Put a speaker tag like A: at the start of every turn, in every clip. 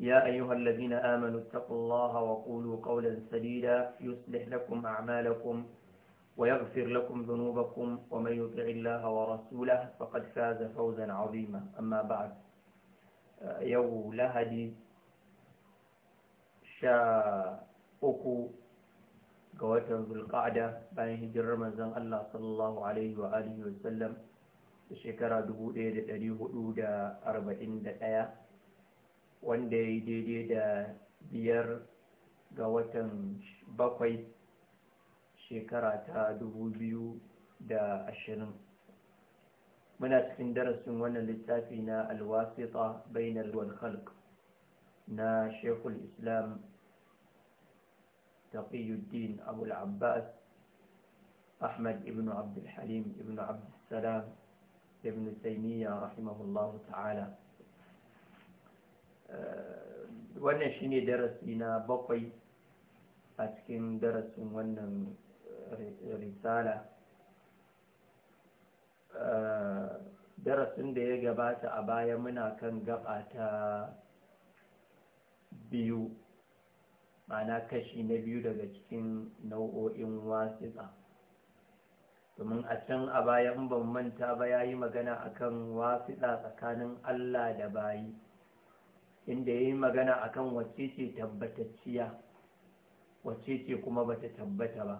A: يا أيها الذين آمنوا اتقوا الله وقولوا قولا سديدا يصلح لكم أعمالكم ويغفر لكم ذنوبكم ومن يطع الله ورسوله فقد فاز فوزا عظيما أما بعد يو لهدي شاء أكو قوات ذو القعدة بين هجر رمضان الله صلى الله عليه وآله وسلم الشكرة دبو إيد أودا أربعين دقيقة wanda ya yi daidai da biyar ga watan bakwai shekara ta dubu biyu da ashirin muna cikin darasin wannan littafi na alwasita bainar wal khalq na shekul islam taqiyuddin abu abbas ahmad ibn abdulhalim ibn abdulsalam ibn taimiyya rahimahullahu ta'ala Eh, wannan shine darasi na bakwai a cikin darasin wannan risala eh, darasin da ya gabata a baya muna kan gaba ta biyu mana kashi na biyu daga cikin nau'o'in wasiƙa domin a can a baya in ban manta ba ya yi magana akan wasiƙa tsakanin allah da bayi inda ya yi magana akan wacce ce tabbatacciya wacce ce kuma bata tabbata ba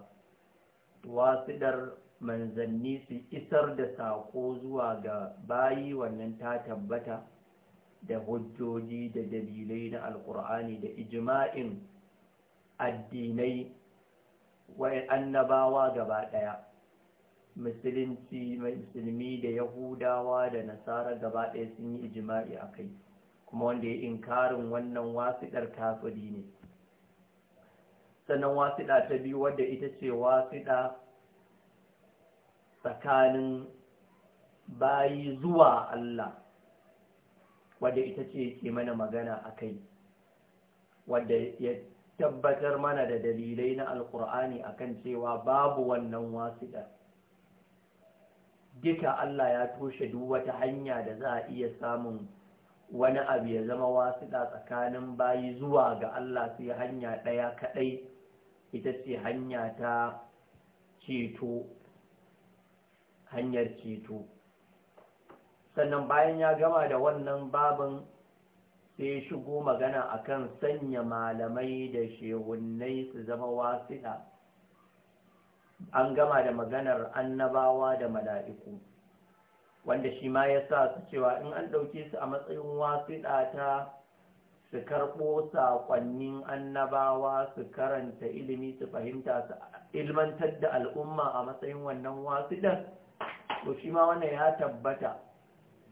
A: wasidar manzanni su isar da sako zuwa ga bayi wannan ta tabbata da hujjoji da dalilai na alkur'ani da ijma'in addinai wai annabawa gaba ɗaya musulunci musulmi da yahudawa da nasara gaba ɗaya sun yi ijima'i a kai kuma wanda ya inkarin wannan wasiɗar kafiri ne sannan wasiɗa ta biyu wadda ita ce wasiɗa tsakanin bayi zuwa Allah wadda ita ce ke mana magana a kai wadda ya tabbatar mana da dalilai na alkur'ani kan cewa babu wannan wasiɗar duka Allah ya toshe duk wata hanya da za a iya samun wani abu ya zama wasiɗa tsakanin bayi zuwa ga Allah Su sai hanya ɗaya kaɗai ita ce hanya ta ceto hanyar ceto sannan bayan ya gama da wannan babin sai shigo magana akan sanya malamai da shehunnai su zama wasiɗa an gama da maganar annabawa da mala'iku wanda shi ma ya sa su cewa in an ɗauke su a matsayin wasiɗa ta su karɓo saƙonnin annabawa su karanta ilimi su fahimta su ilmantar da al'umma a matsayin wannan wasiɗar to shi ma wannan ya tabbata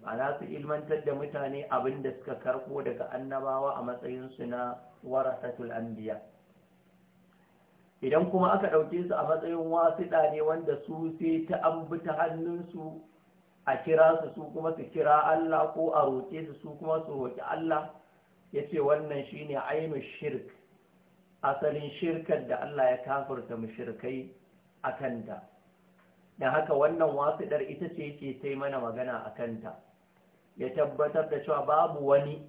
A: ana su ilmantar da mutane abin da suka karɓo daga annabawa a matsayin su na warasatul anbiya idan kuma aka ɗauke su a matsayin wasiɗa ne wanda su sai ta an bi ta hannunsu a kira su su kuma su kira Allah ko a roƙe su su kuma su roƙi Allah ya ce wannan shi ne ainihin shirk asalin shirkar da Allah ya mu shirkai a kanta da haka wannan wasiɗar ita ce ke ta mana magana a kanta ya tabbatar da cewa babu wani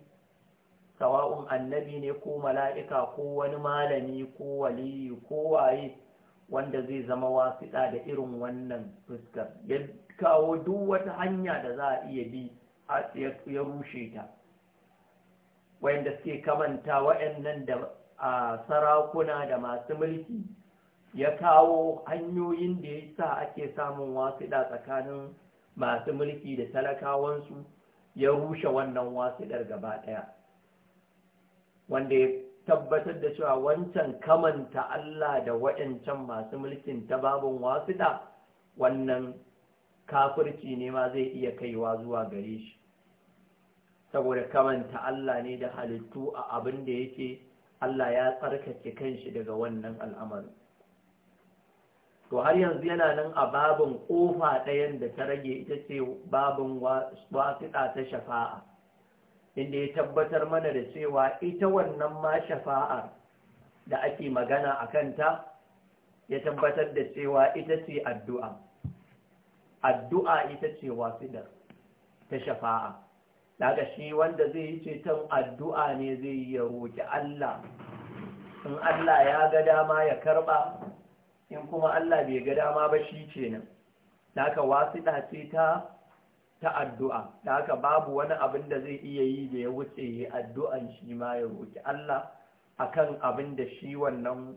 A: sawa'un annabi ne ko mala'ika ko wani malami ko waliyu ko waye wanda zai zama wasiɗa da irin wannan fuskar kawo duk wata hanya da za a iya bi ya rushe ta wayanda suke kamanta wayannan da a sarakuna da masu mulki ya kawo hanyoyin da ya sa ake samun wasiɗa tsakanin masu mulki da talakawansu ya rushe wannan wasiɗar gaba ɗaya wanda ya tabbatar da cewa wancan kamanta Allah da wayancan masu mulkin ta babin wasiɗa wannan kafirci ne ma zai iya kaiwa zuwa gare shi saboda kamanta Allah ne da halittu a abin da yake Allah ya tsarkake kanshi daga wannan al'amarin to har yanzu yana nan a babin kofa ɗayan da ta rage ita ce babin wasiɗa ta shafa'a inda ya tabbatar mana da cewa ita wannan ma shafa'a da ake magana a kanta ya tabbatar da cewa ita ce addu'a addu'a ita ce wasidar ta shafa'a daga shi wanda zai yi ceton addu'a ne zai yi ya roƙi Allah in Allah ya ga dama ya karɓa in kuma Allah bai ga dama ba shi ce nan daga wasiɗa ce ta ta addu'a daga babu wani abin da zai iya yi da ya wuce ya addu'an shi ma ya roƙi Allah akan abin da shi wannan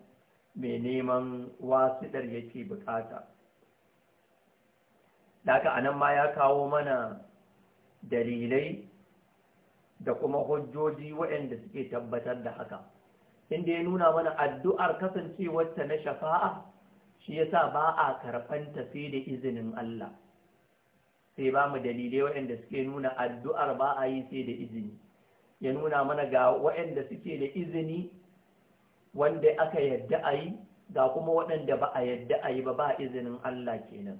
A: mai neman wasiɗar yake bukata. daga anan ma ya kawo mana dalilai da kuma hujjoji waɗanda suke tabbatar da haka inda ya nuna mana addu'ar kasancewarta na shafa'a shi yasa ba a karɓan tafi da izinin Allah sai ba mu dalilai waɗanda suke nuna addu'ar ba a yi sai da izini ya nuna mana ga waɗanda suke da izini wanda aka yadda a yi ga kuma waɗanda ba a yadda a yi ba ba izinin Allah kenan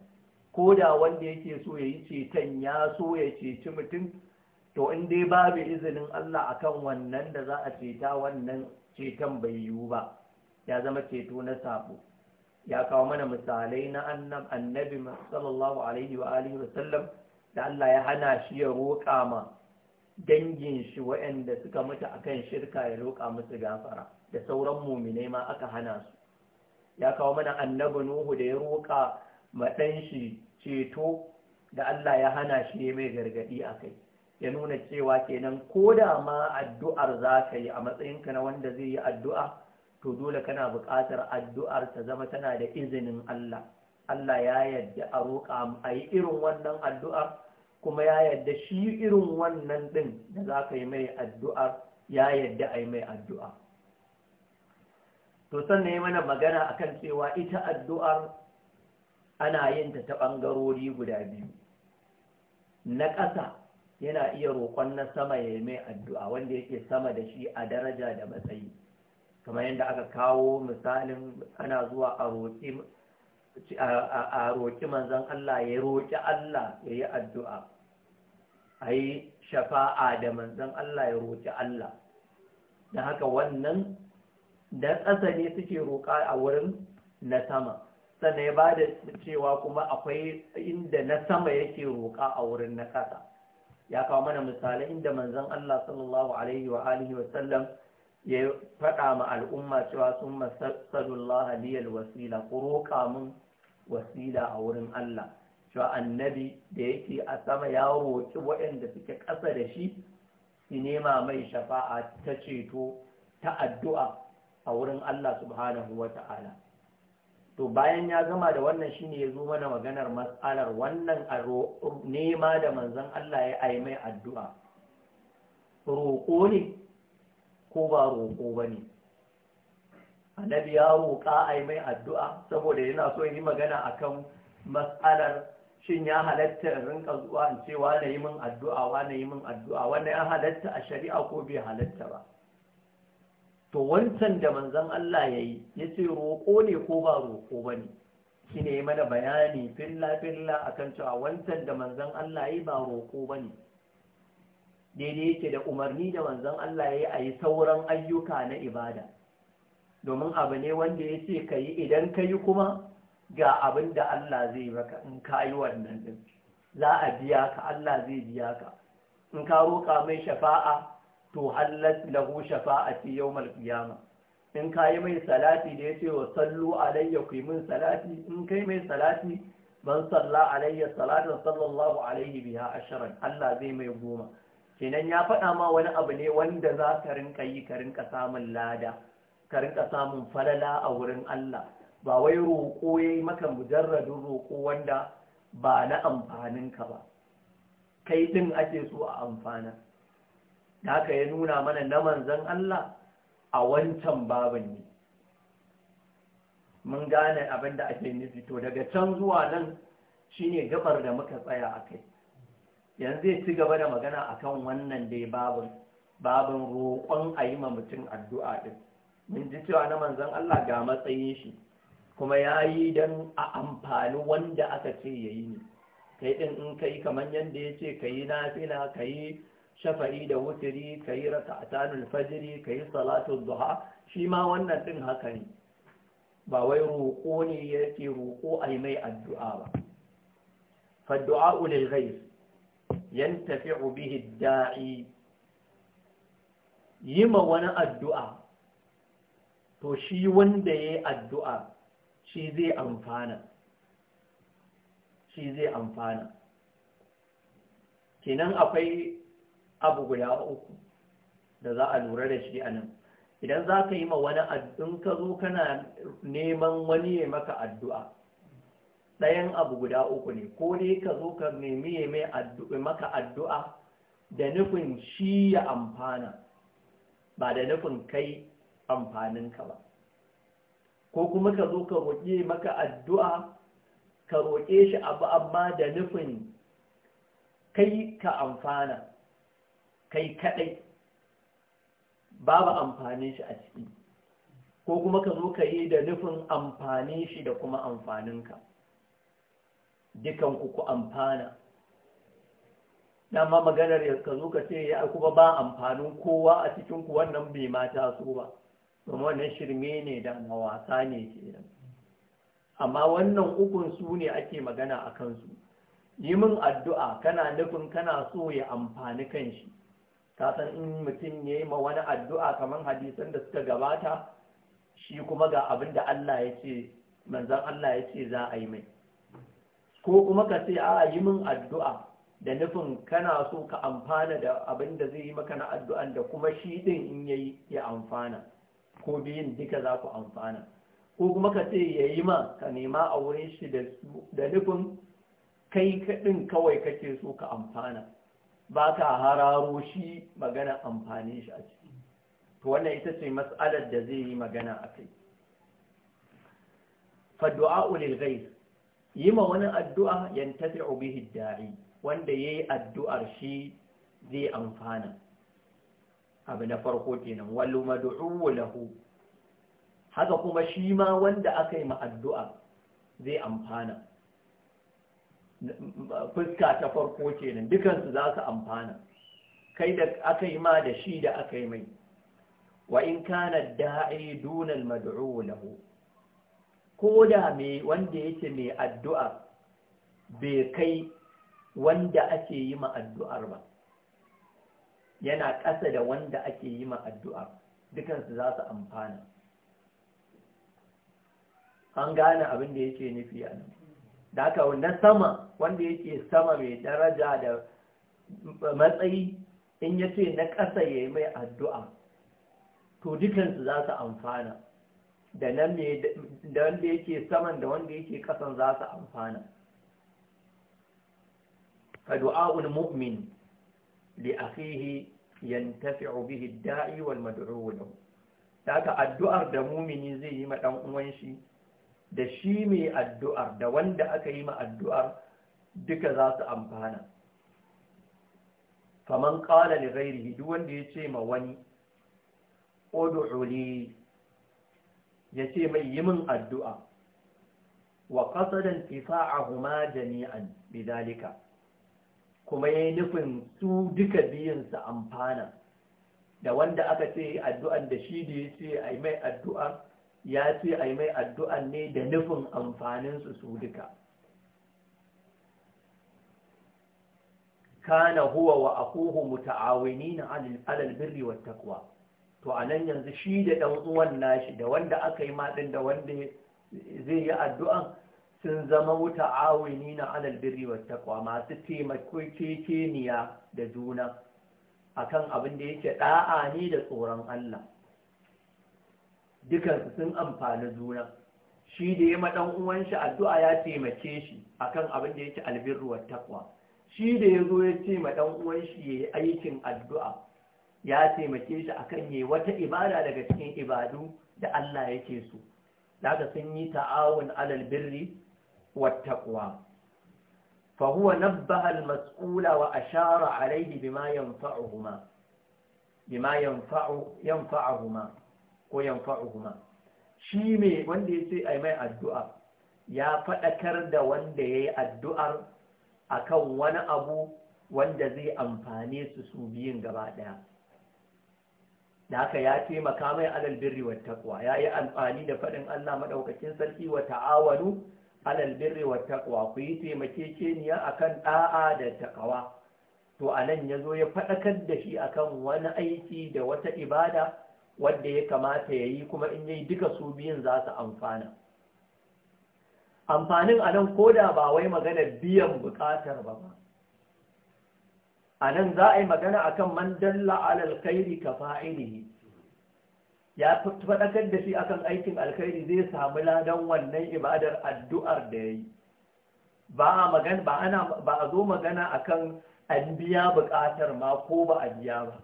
A: ko da wanda yake so ya yi ceton ya so ya ceci mutum to in dai babu izinin Allah akan wannan da za a ceta wannan ceton bai yiwu ba ya zama ceto na sabo ya kawo mana misalai na annab annabi sallallahu alaihi wa alihi wa sallam da Allah ya hana shi ya roƙa ma dangin shi waɗanda suka mutu akan shirka ya roƙa musu gafara da sauran muminai ma aka hana su ya kawo mana annabi Nuhu da ya roƙa maɗan shi ceto da Allah ya hana shi ya mai gargaɗi a kai ya nuna cewa kenan ko da ma addu'ar za ka yi a matsayinka na wanda zai yi addu'a to dole kana buƙatar addu'ar ta zama tana da izinin Allah Allah ya yadda a roƙa a yi irin wannan addu'ar kuma ya yadda shi irin wannan ɗin da za ka yi mai addu'ar ya yadda a yi mai addu'a to sannan yi mana magana a kan cewa ita addu'ar ana yin ta ta ɓangarori guda biyu na ƙasa yana iya roƙon na sama ya yi mai addu'a wanda yake sama da shi a daraja da matsayi kamar yadda aka kawo misalin ana zuwa a roƙi manzan Allah ya roƙi Allah ya yi addu'a a yi shafa'a da manzan Allah ya roƙi Allah da haka wannan da ƙasa ne suke roƙa a wurin na sama sannan ya ba da cewa kuma akwai inda na sama yake roƙa a wurin na ƙasa ya kawo mana misalai inda manzon Allah sallallahu alaihi wa alihi wa sallam ya faɗa ma al'umma cewa sun masallallahu liyal wasila ku roƙa mun wasila a wurin Allah cewa annabi da yake a sama ya roƙi waɗanda suke ƙasa da shi su nema mai shafa'a ta ceto ta addu'a a wurin Allah subhanahu wa ta'ala to bayan ya gama da wannan shine ya zo mana maganar mas'alar wannan nema da manzon Allah ya yi mai addu'a roƙo ne ko ba roƙo ba ne annabi ya roƙa a mai addu'a saboda yana so yi magana akan matsalar shin ya halatta in rinka zuwa in ce na yi min addu'a na yi min addu'a wannan ya halatta a shari'a ko bai halatta ba to wancan da manzon Allah yayi ce roƙo ne ko ba roƙo bane shine ya mana bayani filla filla akan cewa wancan da manzon Allah yayi ba roƙo bane daidai yake da umarni da manzon Allah yayi a yi sauran ayyuka na ibada domin abu ne wanda ya ce ka yi idan ka yi kuma ga abinda Allah zai maka in ka yi wannan din za a biya ka Allah zai biya ka in ka roƙa mai shafa'a to hallat lahu shafa'ati yawmal qiyama in kai mai salati da yace wa sallu alayya ku min salati in kai mai salati ban salla alayya salatu sallallahu alaihi biha asharan Allah zai mai goma kenan ya faɗa ma wani abu ne wanda za ka rinka yi ka rinka samun lada ka rinka samun falala a wurin Allah ba wai roƙo yayi maka mujarradin roƙo wanda ba na amfaninka ba kai din ake so a amfana haka ya nuna mana na manzan Allah a wancan babin ne mun gane abin da ake nufi to daga can zuwa nan shine gabar da muka tsaya a kai yanzu ya ci gaba da magana a kan wannan dai babin babin roƙon a yi ma mutum addu'a ɗin mun ji cewa na manzan Allah ga matsayin shi kuma ya yi don a amfani wanda aka ce ya yi ne kai ɗin in kai kamar yadda ya ce ka yi na, nafila ka yi shafa'i da wutiri ka yi raka'atanul fajiri ka yi salatul duha shi ma wannan ɗin haka ne ba wai roƙo ne yake roƙo a mai addu'a ba faddu'a ulil ghais yantafi'u bihi da'i yi ma wani addu'a to shi wanda ya yi addu'a shi zai amfana shi zai amfana kenan akwai abu guda uku da za a lura da shi a nan idan za ka yi ma wani in ka zo kana neman wani ya maka addu'a ɗayan abu guda uku ne ko dai ka zo ka nemi ya maka addu'a da nufin shi ya amfana ba da nufin kai amfaninka ba ko kuma ka zo ka roƙe maka addu'a ka roƙe shi abu amma da nufin kai ka amfana kai kadai babu amfanin shi a ciki ko kuma ka zo ka yi da nufin amfanin shi da kuma amfaninka dukan ku amfana dama maganar ya ka zo ka ce ya kuma ba amfanin kowa a cikin ku wannan bai mata su ba kuma wannan shirme ne da mawasa ne ke amma wannan ukun su ne ake magana a kansu yi min addu'a kana nufin kana so ya amfani kan shi. ka san in mutum ya yi ma wani addu'a kamar hadisan da suka gabata shi kuma ga abin da Allah ya ce manzan Allah ya ce za a yi mai ko kuma ka ce a yi min addu'a da nufin kana so ka amfana da abin da zai yi maka na addu'an da kuma shi din in yayi ya amfana ko biyun duka za ku amfana ko kuma ka ce ya yi ma ka nema a wurin shi da nufin kai kaɗin kawai kake so ka amfana ba ka hararo shi magana amfani shi a ciki to wannan ita ce mas'alar da zai yi magana a kai fadu'a ulil ghaiz yi ma wani addu'a yantafi'u bihi da'i wanda yayi addu'ar shi zai amfana abu na farko kenan wallu mad'u lahu haka kuma shi ma wanda aka yi ma addu'a zai amfana fuska ta farko kenan dukansu za su amfana kai da aka yi ma da shi da aka yi mai wa in kana da'i duna lahu ko da me wanda yake mai addu'a bai kai wanda ake yi ma addu'ar ba yana ƙasa da wanda ake yi ma addu'a dukansu za su amfana an gane abin da yake nufi a nan da haka wanda sama wanda yake sama mai daraja da matsayi in ya ce na ƙasa ya yi mai addu'a to dukansu za su amfana da nan da wanda yake saman da wanda yake ƙasan za su amfana ka du'a'un mu'min li akhihi yantafi'u bihi da'i wal mad'u lahu haka addu'ar da mumini zai yi ma dan uwan shi da shi mai addu'ar da wanda aka yi ma addu'ar duka za su amfana faman ƙala ne rairi, hidu wanda ya ce ma wani ƙudu'uli ya ce mai yi min addu'a wa ƙasadan huma jami'an bidalika kuma ya yi nufin su duka biyansa amfana da wanda aka ce addu'an da shi da ya ce a mai addu'ar ya ce a yi mai addu'an ne da nufin amfanin su duka kana huwa wa akuhu muta'awinina na alalbirri wa takwa. to a nan yanzu shi da dan uwan nashi da wanda aka yi maɗin da wanda zai yi addu'an sun zama muta'awinina na alalbirri wa takwa masu taimakon kekeniya da juna akan abin da yake 'Ɗa'a ne da tsoron Allah dukansu sun amfani juna shi da ya maɗan uwan shi addu'a ya taimake shi akan abin da yake albirru wa taqwa shi da ya zo ya ce maɗan uwan shi ya yi aikin addu'a ya taimake shi akan yi wata ibada daga cikin ibadu da Allah yake so daga sun yi ta'awun alal birri wa taqwa fa huwa al-mas'ula wa ashara alayhi bima yanfa'uhuma bima yanfa'u ko yanfa'uhuma shi me wanda ya ce ai mai addu'a ya faɗakar da wanda ya yi addu'ar akan wani abu wanda zai amfane su su biyun gaba ɗaya da haka ya taimaka mai alal birri wa taqwa ya yi amfani da faɗin Allah maɗaukakin sarki wa ta'awanu alal birri wa taqwa ku yi taimakekeniya akan ɗa'a da taqwa to anan ya zo ya faɗakar da shi akan wani aiki da wata ibada Wanda ya kamata ya yi kuma in yi duka su biyun za su amfana amfanin a nan da ba wai magana biyan bukatar ba ba a nan za a yi magana a kan mandalla alalkairi ka fa'ilihi ya faɗakar da shi akan aikin alkairi zai samu ladan wannan ibadar addu'ar da ya yi ba a zo magana akan an biya bukatar ma ko ba a biya ba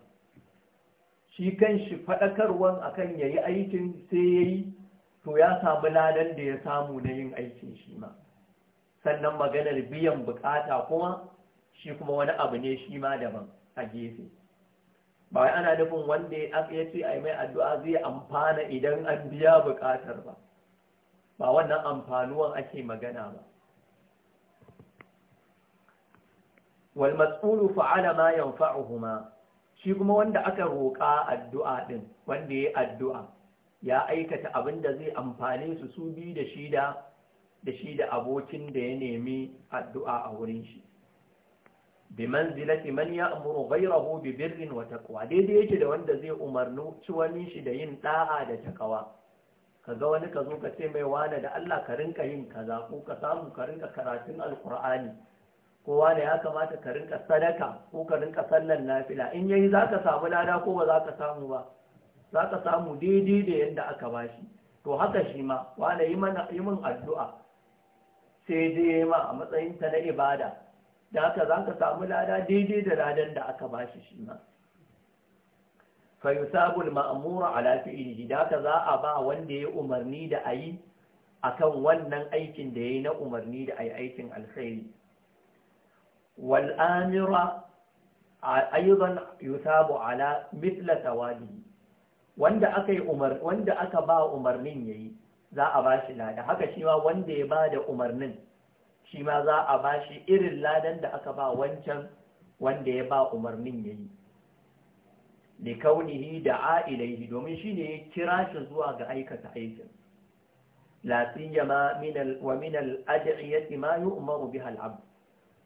A: shi kan shi faɗakarwan akan ya yi aikin sai ya yi to ya samu ladan da ya samu na yin aikin shi ma sannan maganar biyan bukata kuma shi kuma wani abu ne shi ma daban a gefe ba wai ana nufin wanda ya ce a mai addu'a zai amfana idan an biya bukatar ba ba wannan amfanuwan ake magana ba Wal والمسؤول fa'ala ma ينفعهما shi kuma wanda aka roƙa addu'a ɗin wanda ya addu'a ya aikata abin da zai amfane su su bi da shi da da abokin da ya nemi addu'a a wurin shi bi manzilati man bai rahu bi birrin wata kuwa daidai yake da wanda zai umarnu ci wani shi da yin ɗa'a da takawa ga wani ka zo ka ce mai wane da Allah ka rinka yin kaza ko ka samu ka rinka karatun Alkur'ani. kowa ne ya kamata ka rinka sadaka ko ka rinka sallan nafila in yayi za ka samu lada ko ba za ka samu ba za ka samu daidai da yadda aka bashi to haka shi ma wane yi min addu'a sai dai ma a matsayinta na ibada da haka za ka samu lada daidai da ladan da aka bashi shi ma fayusabul ma'amura ala fi'ilihi da haka za a ba wanda ya umarni da ayi kan wannan aikin da yayi na umarni da ayi aikin alkhairi والآمرة أيضا يثاب على مثل ثوابه wanda aka wanda aka ba umarnin yayi za a bashi lada haka shi ma wanda ya ba da umarnin shi ma za a bashi irin ladan da aka ba wancan wanda ya ba umarnin yayi li da da'a ilaihi domin shine ya kira shi zuwa ga aikata aikin la siyama min al wa min al ad'iyati ma yu'maru biha al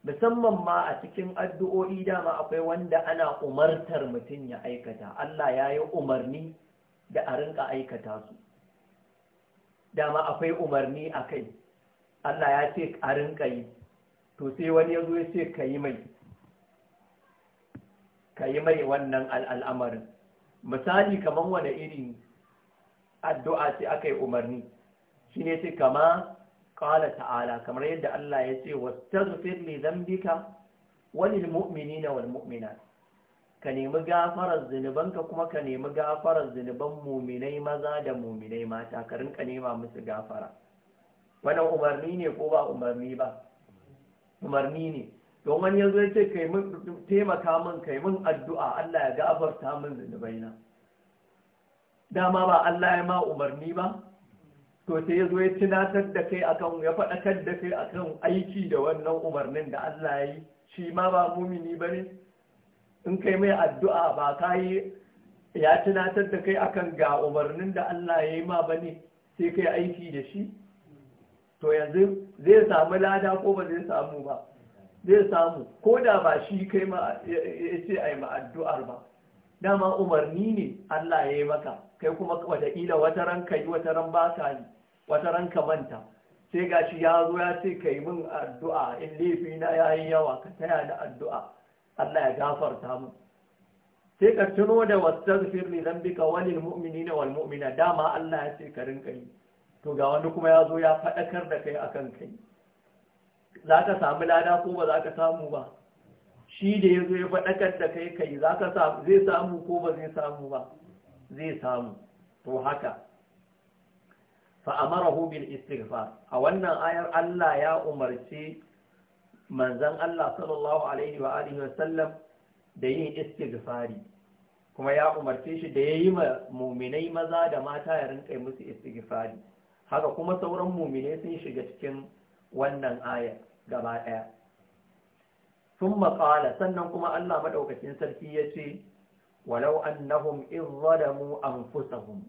A: musamman ma a cikin addu'o'i dama akwai wanda ana umartar mutum ya aikata Allah ya yi umarni da a rinka aikata su dama akwai umarni a kai Allah ya ce a rinka yi to sai wani ya zo ya ce ka yi mai ka mai wannan al'amarin misali kamar wane irin addu'a ce aka yi umarni shi ne sai kama qala ta'ala kamar yadda Allah ya ce wastaghfir li dhanbika walil mu'minina wal mu'minat ka nemi gafarar zunubanka kuma ka nemi gafarar zunuban muminai maza da muminai mata ka rinka nema musu gafara wannan umarni ne ko ba umarni ba umarni ne domin yanzu ya ce kai taimaka min kai mun addu'a Allah ya gafarta min na. dama ba Allah ya ma umarni ba to sai ya zo ya tunatar da kai akan ya faɗakar da kai akan aiki da wannan umarnin da Allah ya yi shi ma ba mumini ba ne in kai mai addu'a ba ka yi ya tunatar da kai akan ga umarnin da Allah ya yi ma ba ne sai kai aiki da shi to yanzu zai samu lada ko ba zai samu ba zai samu ko da ba shi kai ma ya ce a yi ma addu'ar ba dama umarni ne Allah ya yi maka kai kuma wataƙila wata ran kai wata ran ba ka yi wata ranka manta sai ga shi ya zo ya ce ka yi min addu'a in laifi na ya yi yawa ka taya da addu'a Allah ya gafarta mu sai ka tuno da wastaghfir li bika wa lil mu'minina wal mu'mina dama Allah ya ce ka rinka yi to ga wani kuma ya zo ya faɗakar da kai akan kai za ka samu lada ko ba za ka samu ba shi da ya zo ya faɗakar da kai kai za ka samu zai samu ko ba zai samu ba zai samu to haka fa'amarahu bil istighfar a wannan ayar Allah ya umarci manzan Allah sallallahu alaihi wa alihi wasallam da yin istighfari kuma ya umarce shi da yayi mu'minai maza da mata ya rinka musu istighfari haka kuma sauran mu'minai sun shiga cikin wannan ayar gaba daya ثم قال سننكم الله مدوكين سركي يتي ولو أنهم إذ ظلموا أنفسهم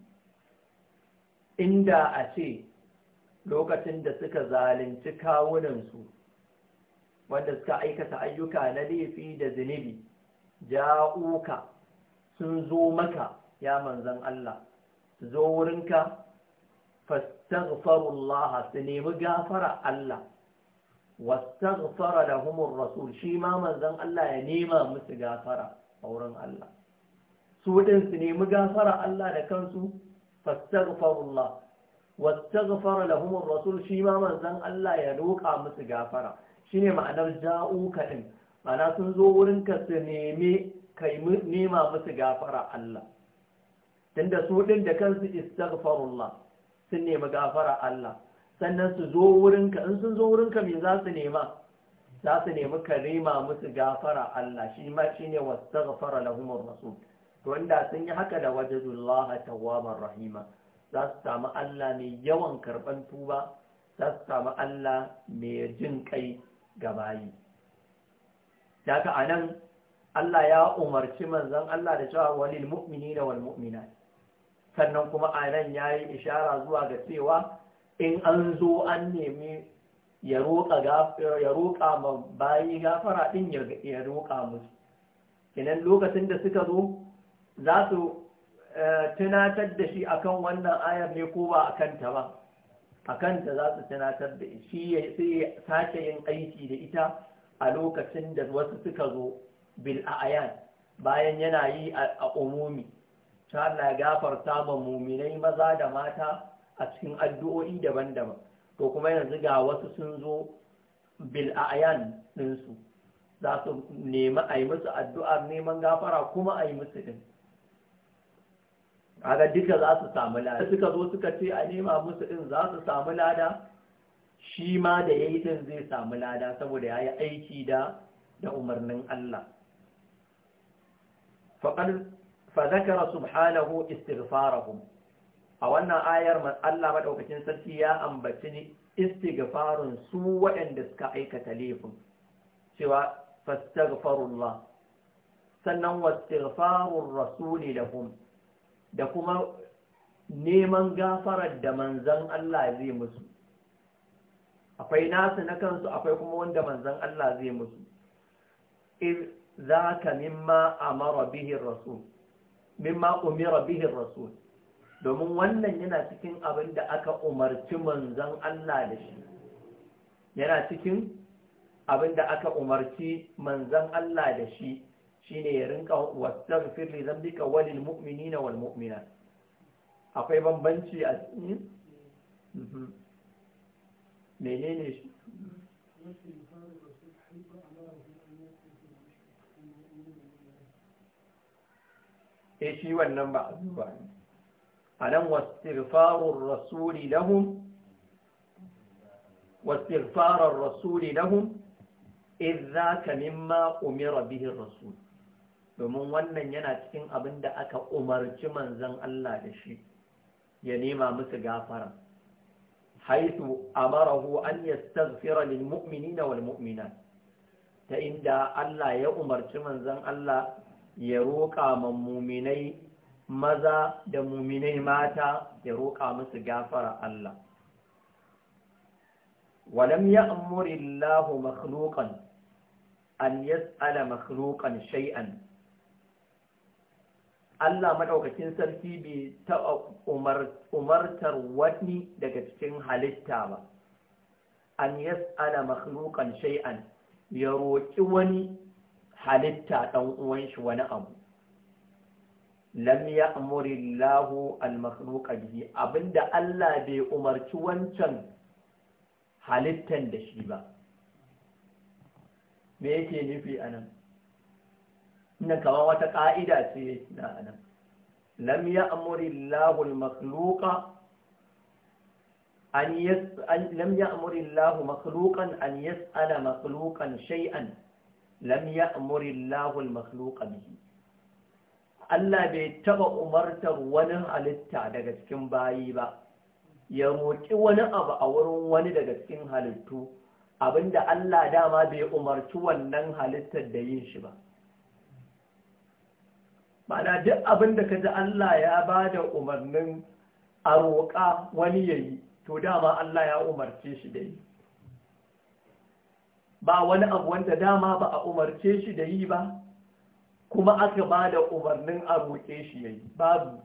A: inda a ce lokacin da suka zalunci kawunansu wanda suka aikata ayyuka na laifi da zunubi ja'uka sun zo maka ya manzan Allah zo wurinka fastaghfirullaha su nemi gafara Allah wastaghfara lahumur rasul shi ma manzan Allah ya nema musu gafara a wurin Allah su din su nemi gafara Allah da kansu fastaghfirullah wastaghfara lahum ar-rasul shi ma manzon Allah ya roƙa musu gafara shine ma'anar ja'uka din ma'ana sun zo wurin ka su neme kai nema musu gafara Allah tunda su din da kansu istaghfirullah sun nemi gafara Allah sannan su zo wurin ka in sun zo wurin ka me za su nema za su nemi ka musu gafara Allah shi ma shine wastaghfara lahum ar-rasul wanda sun yi haka da wajadullaha tawwaban rahima za su samu Allah mai yawan karban tuba za su samu Allah mai jin kai ga bayi daga anan Allah ya umarci manzon Allah da cewa walil mu'minina wal mu'minat sannan kuma anan yayi ishara zuwa ga cewa in an zo an nemi ya roƙa ma bayi gafara ɗin ya roƙa musu kenan lokacin da suka zo za su eh, tunatar da shi akan wannan ayar ne ko ba a kanta ba a kanta za su tunatar da shi sai ya sake yin aiki da ita a lokacin da wasu suka zo bil bayan yana yi a umumi ta Allah gafarta ma muminai maza da mata a cikin addu'o'i daban-daban to kuma yanzu ga wasu sun zo bil'ayan ɗinsu za su nemi a yi musu addu'ar neman gafara kuma a yi musu din kaga duka za su samu lada suka zo suka ce a nema musu din za su samu lada shi ma da yayi din zai samu lada saboda yayi aiki da da umarnin Allah faqad fa zakara subhanahu istighfarahum a wannan ayar Allah madaukakin sarki ya ambaci ni istighfarun su waɗanda suka aikata laifin cewa fastaghfirullah sannan wastighfarur rasuli lahum da kuma neman gafarar da manzan Allah zai musu akwai nasu na kansu akwai kuma wanda manzan Allah zai musu In za ka mimma amara bihin rasul mimma umira bihin rasul domin wannan yana cikin abin da aka umarci manzan Allah da shi yana cikin abin da aka umarci manzan Allah da shi shine ya rinka wastaghfir li dhanbika wa lil mu'minina wal mu'minat akwai bambanci a cikin menene shi e shi wannan ba a zuwa ne a nan wastirfarun rasuli lahum wastirfarun rasuli lahum idza ka mimma umira bihin rasuli domin wannan yana cikin abin da aka umarci manzan Allah da shi ya nema musu gafara haitu amarahu an yastaghfira lil mu'minina wal mu'minat ta inda Allah ya umarci manzan Allah ya roƙa man muminai maza da muminai mata ya roƙa musu gafara Allah ولم يأمر الله مخلوقا أن يسأل مخلوقا شيئا Allah maɗaukakin sarki bai taɓa umartar wani daga cikin halitta ba an yas'ala makhluqan shay'an ya roƙi wani halitta ɗan uwan shi wani abu lam amuri Allahu al-makhluqa abinda Allah bai umarci wancan halittan da shi ba me yake nufi anan nan kamar wata ƙa'ida ce na anan lam ya'muri Allahu al an yas lam ya'muri Allahu makhluqan an yas'ala makhluqan shay'an lam Allah bai taba umartar wani halitta daga cikin bayi ba ya roƙi wani abu a wurin wani daga cikin halittu abinda Allah dama bai umarci wannan halittar da yin shi ba ma'ana duk abin da ka ji Allah ya ba da umarnin a roƙa wani ya yi to dama Allah ya umarce shi da yi ba wani abu wanda dama ba a umarce shi da yi ba kuma aka ba da umarnin a roƙe shi ya yi babu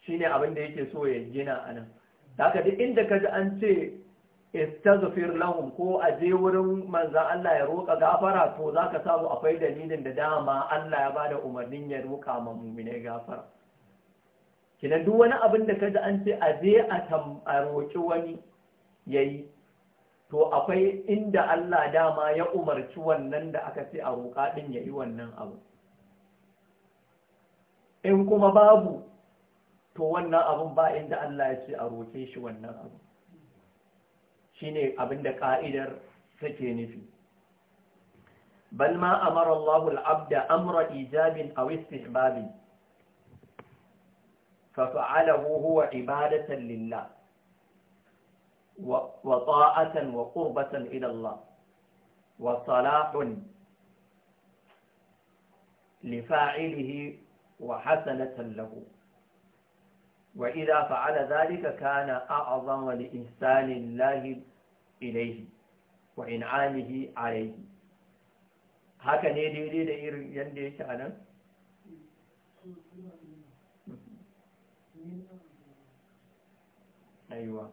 A: shi ne abin da yake so ya gina a nan daga duk inda kaji ji an ce istazfir lahum ko aje wurin manzan Allah ya roka gafara to zaka samu akwai dalilin da dama Allah ya bada umarnin ya roka ma mu'mine gafara kina duk wani abin da kaji an ce a je a roƙi wani yayi to akwai inda Allah dama ya umarci wannan da aka ce a roƙa din yayi wannan abu in kuma babu to wannan abun ba inda Allah ya ce a roke shi wannan abu shine abinda ka'idar take nufi bal ma amara Allahu al-abda amra ijabin aw istihbabin fa fa'alahu huwa ibadatan lillah wa ta'atan wa qurbatan ila Allah wa salahun li fa'ilihi wa hasanatan lahu وإذا فعل ذلك كان أعظم لإنسان الله ilaihi wa amihi alaihi haka ne daidai da irin yadda yake a nan aiwa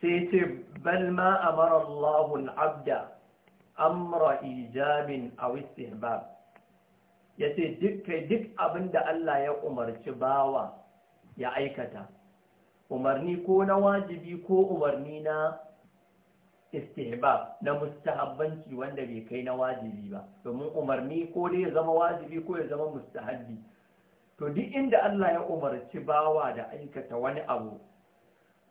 A: sai ce bal ma amara Allahu al-abda amra ijamin aw istihbab yace duk kai duk abinda Allah ya umarci bawa ya aikata umarni ko na wajibi ko umarni na istihbab na mustahabbanci wanda bai kai na wajibi ba domin umarni ko dai ya zama wajibi ko ya zama mustahabbi to duk inda Allah ya umarci bawa da aikata wani abu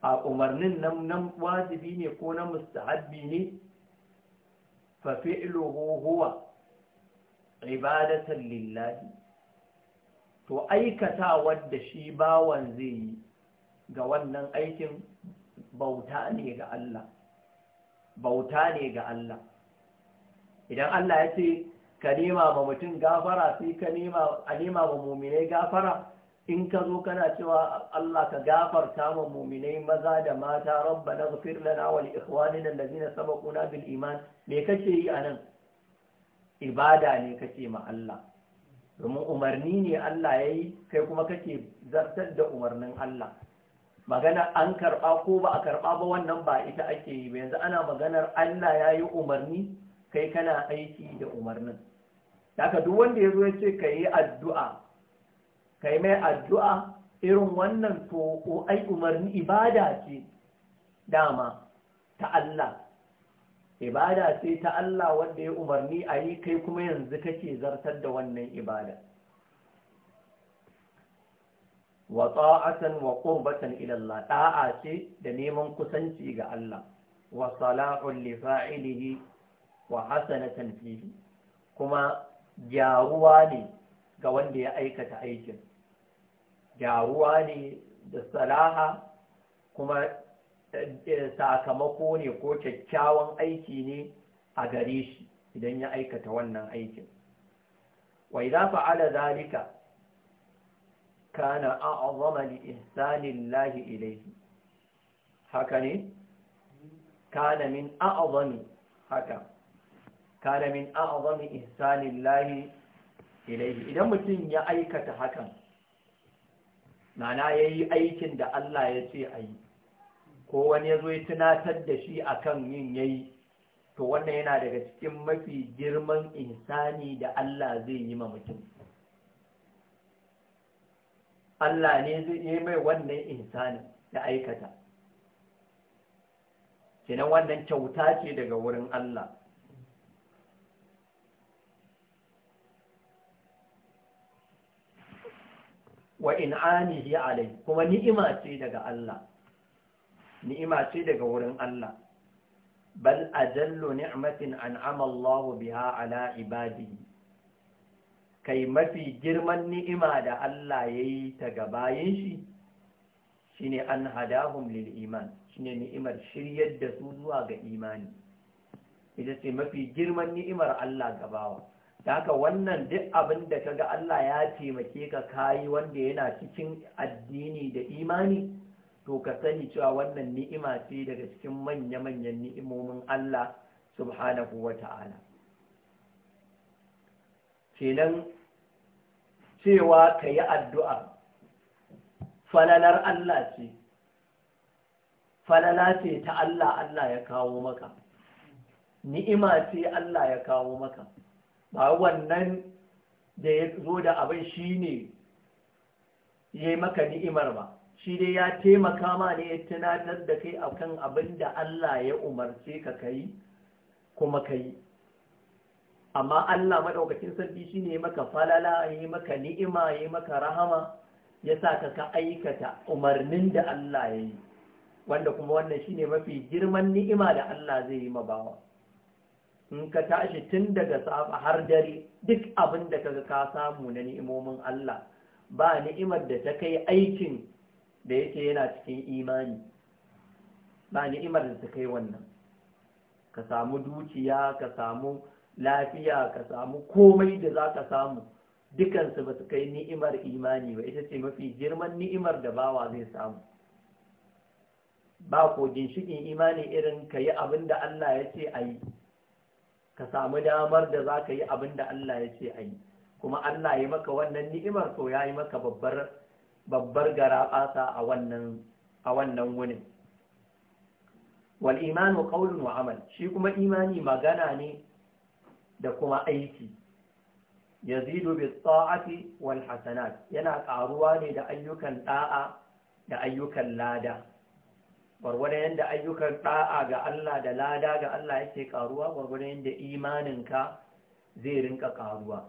A: a umarnin nan nan wajibi ne ko na mustahabbi ne fa fi'luhu huwa ibadatan lillahi to aikata wanda shi bawan zai yi ga wannan aikin bauta ne ga Allah bauta ne ga Allah idan Allah ya ce ka nema ma mutum gafara sai ka nema a nema ma muminai gafara in ka zo kana cewa Allah ka gafarta ma muminai maza da mata rabbana ghfir lana wa li ikhwanina allazina sabaquna bil iman me kace yi anan ibada ne kace ma Allah domin umarni ne Allah yayi kai kuma kake zartar da umarnin Allah magana an karɓa ko ba a karɓa ba wannan ba ita ake yi ba yanzu ana maganar Allah ya yi umarni kai kana aiki da umarnin daga duk wanda ya zo ya ce ka yi addu'a ka mai addu'a irin wannan to ai umarni ibada ce dama ta Allah ibada ce ta Allah wanda ya umarni a yi kai kuma yanzu kake zartar da wannan ibada wa ta'atan wa qurbatan ila Allah ta'a ce da neman kusanci ga Allah wa salahun li fa'ilihi wa hasanatan fihi kuma jaruwa ne ga wanda ya aikata aikin jaruwa ne da salaha kuma eh, sakamako ne ko kyakkyawan aiki ne a gare shi idan ya aikata wannan aikin wa idza fa'ala zalika kana a'azama li ihsanin lahi ilaihi haka ne kana min a'azami haka kana min a'azami ihsanin lahi ilaihi idan mutum ya aikata hakan mana ya yi aikin da Allah ya ce a yi ko wani ya zo ya tunatar da shi akan yin yayi to wannan yana daga cikin mafi girman insani da Allah zai yi ma mutum Allah ne zai yi mai wannan insani da aikata kinan wannan kyauta ce daga wurin Allah wa zai alai kuma ni'ima ce daga Allah ni'ima ce daga wurin Allah bal ajallu ni'matin an amallahu biha ala ibadihi kai mafi girman ni'ima da Allah ya yi ta gabayin shi shi ne an hada lil iman shi ne ni'imar shiryar da su zuwa ga imani ita ce mafi girman ni'imar Allah gabawa da haka wannan duk abin da ka ga Allah ya taimake ka kayi wanda yana cikin addini da imani to ka sani cewa wannan ni'ima ce daga cikin manya-manyan ni'imomin Allah subhanahu wa ta'ala kenan cewa ka yi addu'a falalar Allah ce falala ce ta Allah Allah ya kawo maka ni'ima ce Allah ya kawo maka ba wannan da ya zo da abin shi ne ya yi maka ni'imar ba shi dai ya taimaka ma ne ya tunatar da kai akan abin da Allah ya umarce ka kai kuma kai amma Allah maɗaukacin sarki shi ne maka falala maka ni'ima ya maka rahama ya sa ka ka aikata umarnin da Allah ya yi wanda kuma wannan shi ne mafi girman ni'ima da Allah zai yi mabawa in ka tashi tun daga safa har dare duk abin da kaga ka samu na ni'imomin Allah ba ni'imar da ta kai aikin da yake yana cikin imani ba ni'imar da ta kai wannan ka samu dukiya ka samu lafiya ka samu komai da za ka samu dukansu ba su kai ni'imar imani ba ita ce mafi girman ni'imar da bawa zai samu ba ko ginshikin imani irin ka yi abin da Allah ya ce a yi ka samu damar da za ka yi abin da Allah ya ce a yi kuma Allah ya maka wannan ni'imar to ya yi maka babbar gara a wannan a wannan wunin wal imanu qawlun wa shi kuma imani magana ne da kuma aiki yazidu bi ta'ati wal hasanat yana ƙaruwa ne da ayyukan da'a da ayyukan lada gwargwadon yadda ayyukan ɗa'a ga Allah da lada ga Allah yake karuwa gwargwadon yadda imaninka zai rinka ƙaruwa.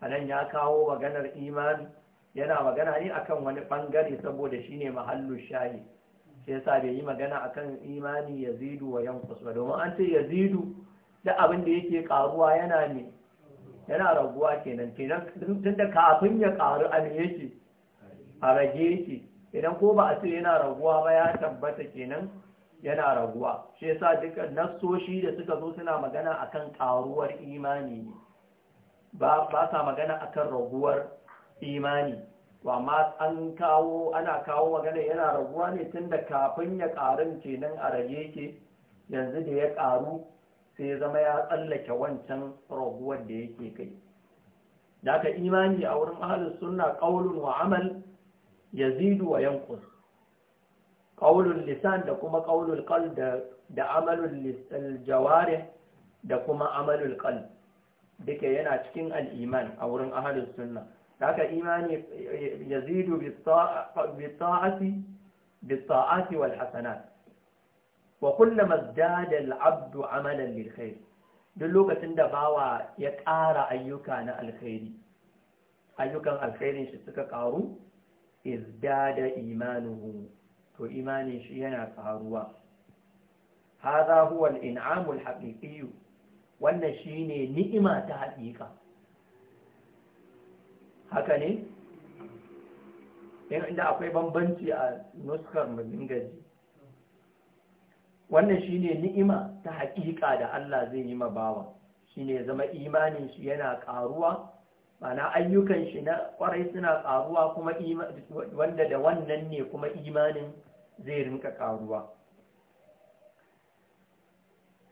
A: a ya kawo maganar imani yana magana ne akan wani bangare saboda shine mahallu shayi sai sa bai yi magana akan imani yazidu wa yanqus ba domin an ce yazidu da abin da yake karuwa yana ne yana raguwa kenan kenan tun da kafin ya karu a ne yake a rage yake idan ko ba a ce yana raguwa ba ya tabbata kenan yana raguwa shi yasa duka nassoshi da suka zo suna magana akan karuwar imani ne ba sa magana akan raguwar imani wa amma an kawo ana kawo magana yana raguwa ne tun da kafin ya karun kenan a rage yake yanzu da ya karu sai ya zama ya tsallake wancan raguwar da yake kai da aka imani a wurin ahalin suna qaulun wa amal yazidu wa yanqus qaulul lisan da kuma qaulul qalb da amalin amalul da kuma amalin qalb duka yana cikin al-iman a wurin ahalin sunna da aka imani yazidu zidu bi ta'ati wal hasanat wa kullama zada abdu amalan Likai, duk lokacin da bawa ya ƙara ayyuka na alkhairi ayyukan alkhairin shi suka ƙaru izdada imanuhu to imanin shi yana ƙaruwa hadha huwa al-in'amul haqiqi wannan ne ni'ima ta haƙiƙa haka ne in inda akwai bambanci a nuskar mu wannan shine ni'ima ta haƙiƙa da Allah zai yi mabawa. bawa shine zama imanin shi yana ƙaruwa mana ayyukan shi na kwarai suna ƙaruwa kuma wanda da wannan ne kuma imanin zai rinka ƙaruwa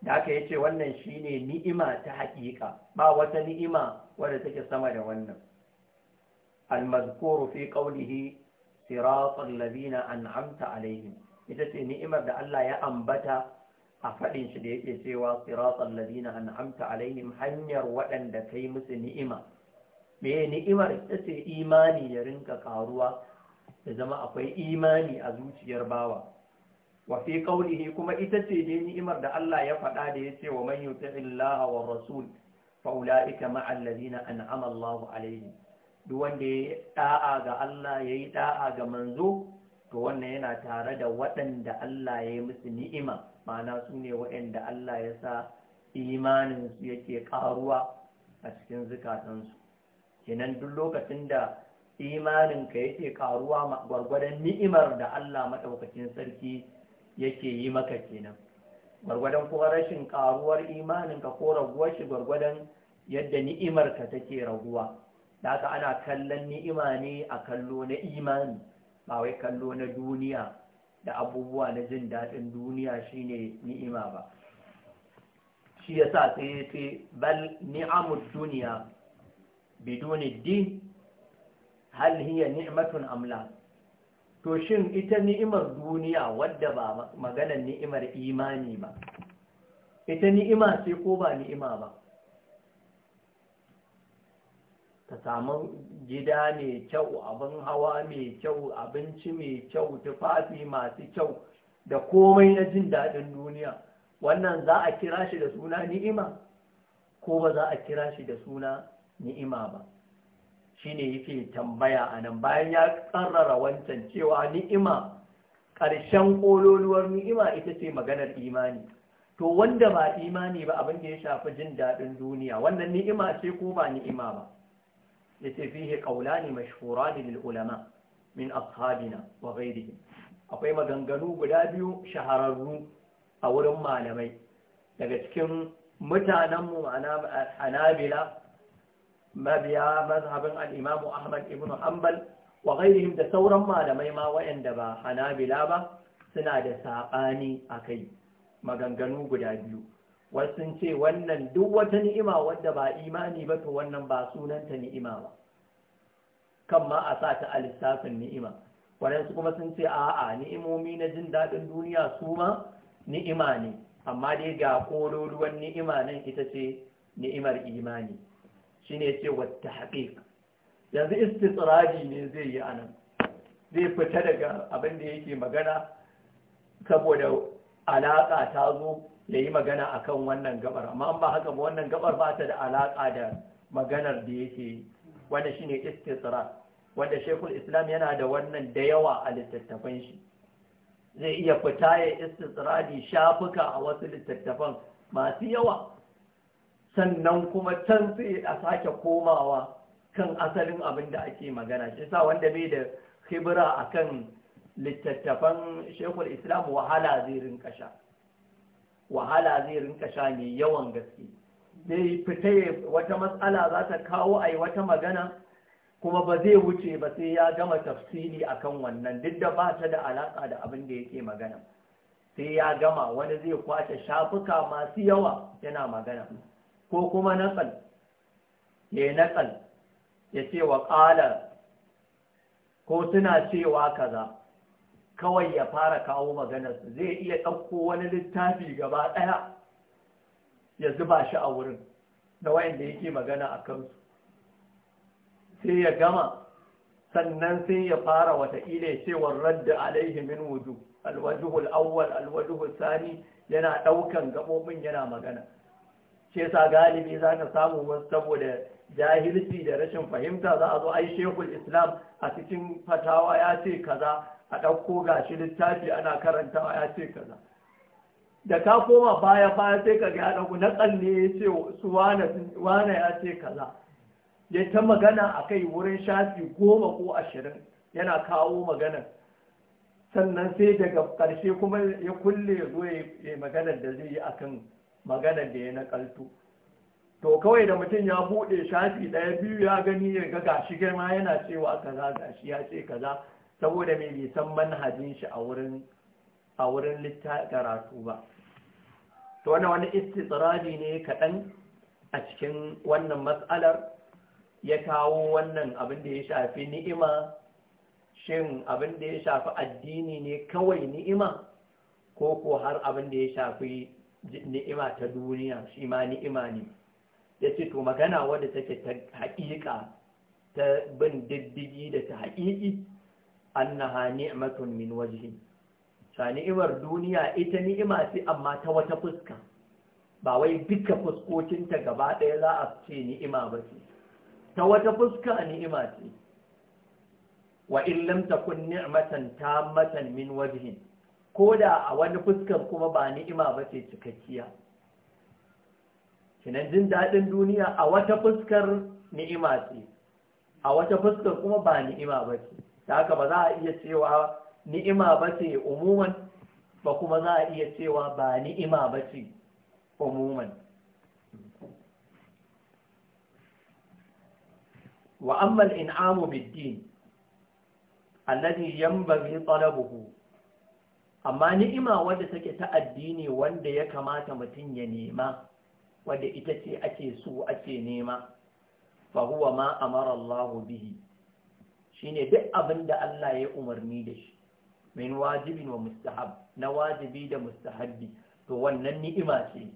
A: da aka yace wannan shine ni'ima ta haƙiƙa ba wata ni'ima wadda take sama da wannan al-mazkuru fi qawlihi siratal ladina an'amta alaihim ita ce ni'imar da Allah ya ambata a faɗin shi da yake cewa siratal ladina an'amta alaihim hanyar waɗanda kai musu ni'ima me ni'imar ita ce imani ya rinka karuwa da zama akwai imani a zuciyar bawa wa fi qawlihi kuma ita ce dai ni'imar da Allah ya faɗa da yace wa man yuti'illaha rasul fa ulaika ma'al ladina an'ama Allahu alaihim duk wanda ya da'a ga Allah yayi da'a ga manzo to wannan yana tare da waɗanda Allah ya yi musu ni'ima ma'ana su ne waɗanda Allah ya sa imaninsu yake ƙaruwa a cikin zukatansu kenan duk lokacin da imaninka yake ƙaruwa gwargwadon ni'imar da Allah maɗaukacin sarki yake yi maka kenan gwargwadon kuma rashin ƙaruwar imaninka ko raguwar shi gwargwadon yadda ni'imarka take raguwa da haka ana kallon ni'ima ne a kallo na imani ba wai kallo na duniya da abubuwa na jin daɗin duniya shi ne ni'ima ba shi ya sa sai ya ce bal ni'amun duniya biduni din hal hiya ni'matun amla to shin ita ni'imar duniya wadda ba maganar ni'imar imani ba ita ni'ima sai ko ba ni'ima ba Ka samu gida mai kyau abin hawa mai kyau abinci mai kyau tufafi masu kyau da komai na jin daɗin duniya wannan za a kira shi da suna ni'ima ko ba za a kira shi da suna ni'ima ba shi ne yake tambaya a nan bayan ya tsarrara wancan cewa ni'ima ƙarshen ƙololuwar ni'ima ita ce maganar imani to wanda ba imani ba abin da ya shafi jin daɗin duniya wannan ni'ima ce ko ba ni'ima ba yace fihi qawlani mashhurani lil ulama min ashabina wa ghayrihim akwai maganganu guda biyu shahararru a wurin malamai daga cikin mutanenmu anabila mabiya mazhabin al'imamu ahmad ibn hanbal wa ghairihim da sauran malamai ma waɗanda ba hanabila ba suna da saɓani a kai maganganu guda biyu wasu ce wannan duk wata ni'ima wadda ba imani ba to wannan ba sunanta ni'ima ba kan ma a sa ta a lissafin ni'ima waɗansu kuma sun ce a'a ni'imomi na jin daɗin duniya su ma ni'ima ne amma dai ga kororuwan ni'ima nan ita ce ni'imar imani shi ne ce wata haƙiƙa yanzu istitsirari ne zai yi a nan zai fita daga abin da yake magana saboda alaƙa ta zo ya yi magana a kan wannan gabar amma an ba haka ba wannan gabar ba ta da alaƙa da maganar da yake yi shi shine istisra wanda shekul islam yana da wannan da yawa a littattafan shi zai iya fita ya da shafuka a wasu littattafan masu yawa sannan kuma can sai a sake komawa kan asalin abin da ake magana shi sa wanda bai da hibira akan littattafan shekul islam wahala zai rinka sha wahala zai rinka sha mai yawan gaske zai fita wata matsala za ta kawo a wata magana kuma ba zai wuce ba sai ya gama tafsiri akan wannan duk da ba ta da alaƙa da abin da yake magana sai ya gama wani zai kwace shafuka masu yawa yana magana ko kuma naƙal ya nasal ya ce wa ƙalar ko suna cewa kaza kawai ya fara kawo maganar zai iya ɗauko wani littafi gaba ɗaya ya zuba shi a wurin na wayanda yake magana a kansu sai ya gama sannan sai ya fara wataƙila cewar radda alaihi min wudu alwajuhul awwal alwajuhul sani yana ɗaukan gaɓoɓin yana magana ce sa galibi za ka samu wasu saboda jahilci da rashin fahimta za a zo ai shekul islam a cikin fatawa ya ce kaza a ɗauko ga shi littafi ana karanta ya ce kaza da ka koma baya baya sai ka ga ya ɗauko na ƙalle ya ce su wane ya ce kaza ya ta magana a kai wurin shafi goma ko ashirin yana kawo magana sannan sai daga ƙarshe kuma ya kulle ya zo ya magana da zai yi akan magana da ya naƙaltu. to kawai da mutum ya buɗe shafi ɗaya biyu ya gani ya ga gashi girma yana cewa kaza gashi ya ce kaza saboda mai bai san manhajin shi a wurin a karatu ba to wannan wani istitrabi ne kaɗan a cikin wannan matsalar ya kawo wannan abin da ya shafi ni'ima shin abin da ya shafi addini ne kawai ni'ima ko ko har abin da ya shafi ni'ima ta duniya shi ma ni'ima ne ya ce to magana wadda take ta haƙiƙa ta bin diddigi da ta haƙiƙi annaha ni'matun min wajhi ta ni'imar duniya ita ni'ima ce amma ta wata fuska ba wai duka fuskokinta gaba ɗaya za a ce ni'ima ba ce ta wata fuska ni'ima ce wa in lam takun ni'matan tammatan min wajhi koda a wani fuskar kuma ba ni'ima ba ce cikakkiya kinan jin daɗin duniya a wata fuskar ni'ima ce a wata fuskar kuma ba ni'ima ba ce da haka ba za a iya cewa ni'ima ba ce umuman ba kuma za a iya cewa ba ni'ima ba ce umuman wa amma in'amu biddin alladhi yanbaghi talabuhu amma ni'ima wadda take ta addini wanda ya kamata mutum ya nema wadda ita ce ake so ake nema fa huwa ma amara Allahu bihi shine duk abin da Allah ya umarni da shi min wajibin wa mustahab na wajibi da mustahabbi to wannan ni'ima ce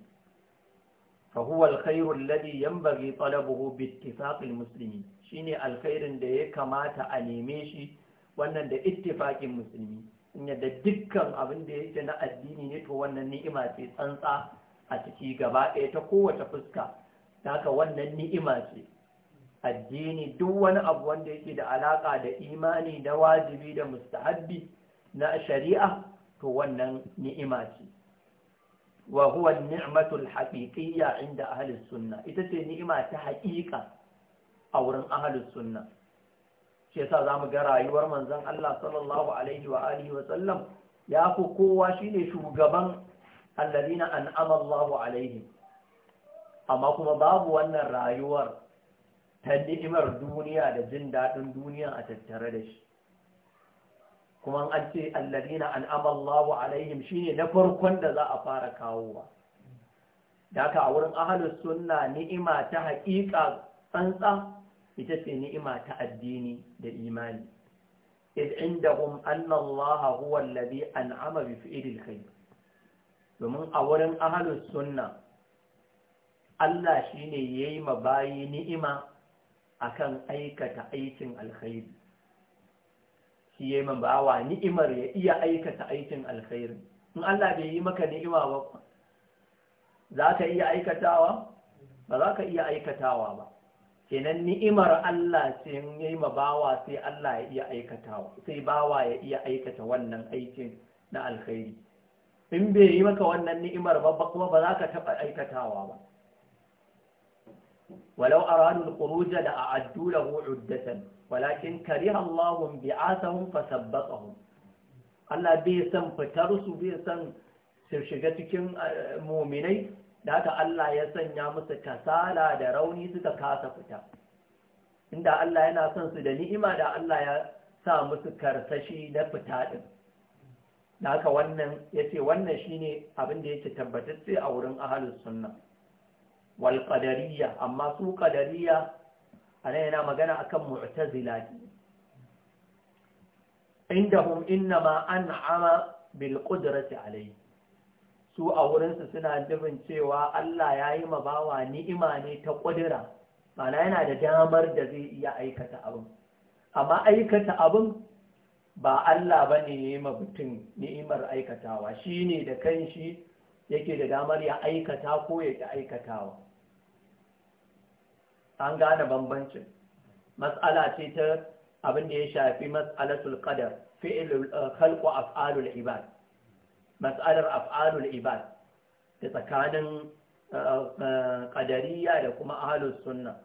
A: fa huwa alkhairu alladhi yanbaghi talabuhu bi ittifaq almuslimin shine alkhairin da ya kamata a neme shi wannan da ittifaqin musulmi da dukkan abin da yake na addini ne to wannan ni'ima ce tsantsa a ciki gaba ɗaya ta kowace fuska haka wannan ni'ima ce addini duk wani abu wanda yake da alaƙa da imani da wajibi da mustahabbi na shari'a to wannan ni'ima ce wa huwa ni'matul haqiqiyya inda ahlus sunna ita ce ni'ima ta haƙiƙa a wurin ahlus sunna shi yasa zamu ga rayuwar manzon Allah sallallahu alaihi wa alihi wa sallam ya fi kowa shine shugaban alladina an'ama Allahu alaihim amma kuma babu wannan rayuwar ta ni'imar duniya da jin daɗin duniya a tattare da shi kuma an ce allazina an'ama Allahu alaihim shine na farkon da za a fara kawowa daka a wurin ahlus sunna ni'ima ta haƙiƙa tsantsa ita ce ni'ima ta addini da imani id indahum anna Allah huwa allazi an'ama bi fi'lil khair domin a wurin ahlus sunna Allah shine yayi mabayi ni'ima akan aikata aikin alkhairi shi ya man bawa ni'imar ya iya aikata aikin alkhairi in Allah bai yi maka ni'ima ba za ka iya aikatawa ba za ka iya aikatawa ba kenan ni'imar Allah sai ya yi ma bawa sai Allah ya iya aikatawa sai bawa ya iya aikata wannan aikin na alkhairi in bai yi maka wannan ni'imar ba kuma ba za ka taɓa aikatawa ba ولو أرادوا da لأعدوا له عدة ولكن كره الله بعاثهم فثبطهم Allah bai san fitarsu bai san shiga cikin muminai da haka Allah ya sanya musu kasala da rauni suka kasa fita inda Allah yana son su da ni'ima da Allah ya sa musu karsashi na fita din da haka yace wannan shine abin da yake tabbatacce a wurin ahlus sunna wal amma su qadariyya ana yana magana akan mu'tazila indahum innama an'ama bil qudrati alayhi su a wurinsu suna nufin cewa Allah ya yi mabawa ni'ima ne ta ƙudura mana yana da damar da zai iya aikata abin amma aikata abin ba Allah ba ne ya yi mutum ni'imar aikatawa shi ne da kanshi yake da damar ya aikata ko ya ki aikatawa an gane bambancin mas'ala ce ta abin da ya shafi mas'alatul qadar fi'lul eh, khalqu af'alul ibad mas'alar af'alul ibad da tsakanin ƙadariya eh, eh, da kuma ahlus sunna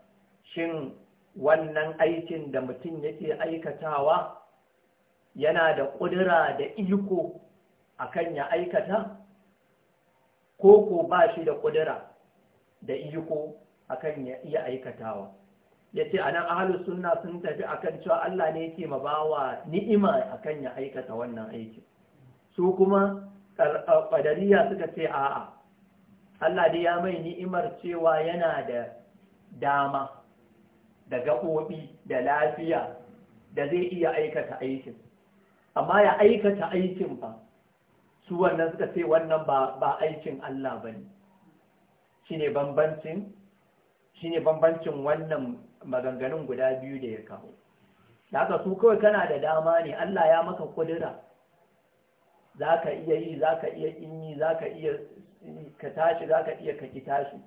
A: shin wannan aikin da mutum yake aikatawa yana da ƙudura da iko akan ya aikata ko ko ba shi da kudura da iko akan ya iya aikatawa ya ce a nan ahalus sunna sun tafi akan cewa Allah ne yake ma bawa ni'ima akan ya aikata wannan aikin su kuma ƙadariya suka ce a'a Allah dai ya mai ni'imar cewa yana da dama da gaɓoɓi da lafiya da zai iya aikata aikin amma ya aikata aikin fa su wannan suka ce wannan ba aikin Allah ba ne Shi ne bambancin wannan maganganun guda biyu da ya kawo da aka su kawai kana da dama ne Allah ya maka kudura za ka iya yi za ka iya inyi za ka iya ka tashi za ka iya kaki tashi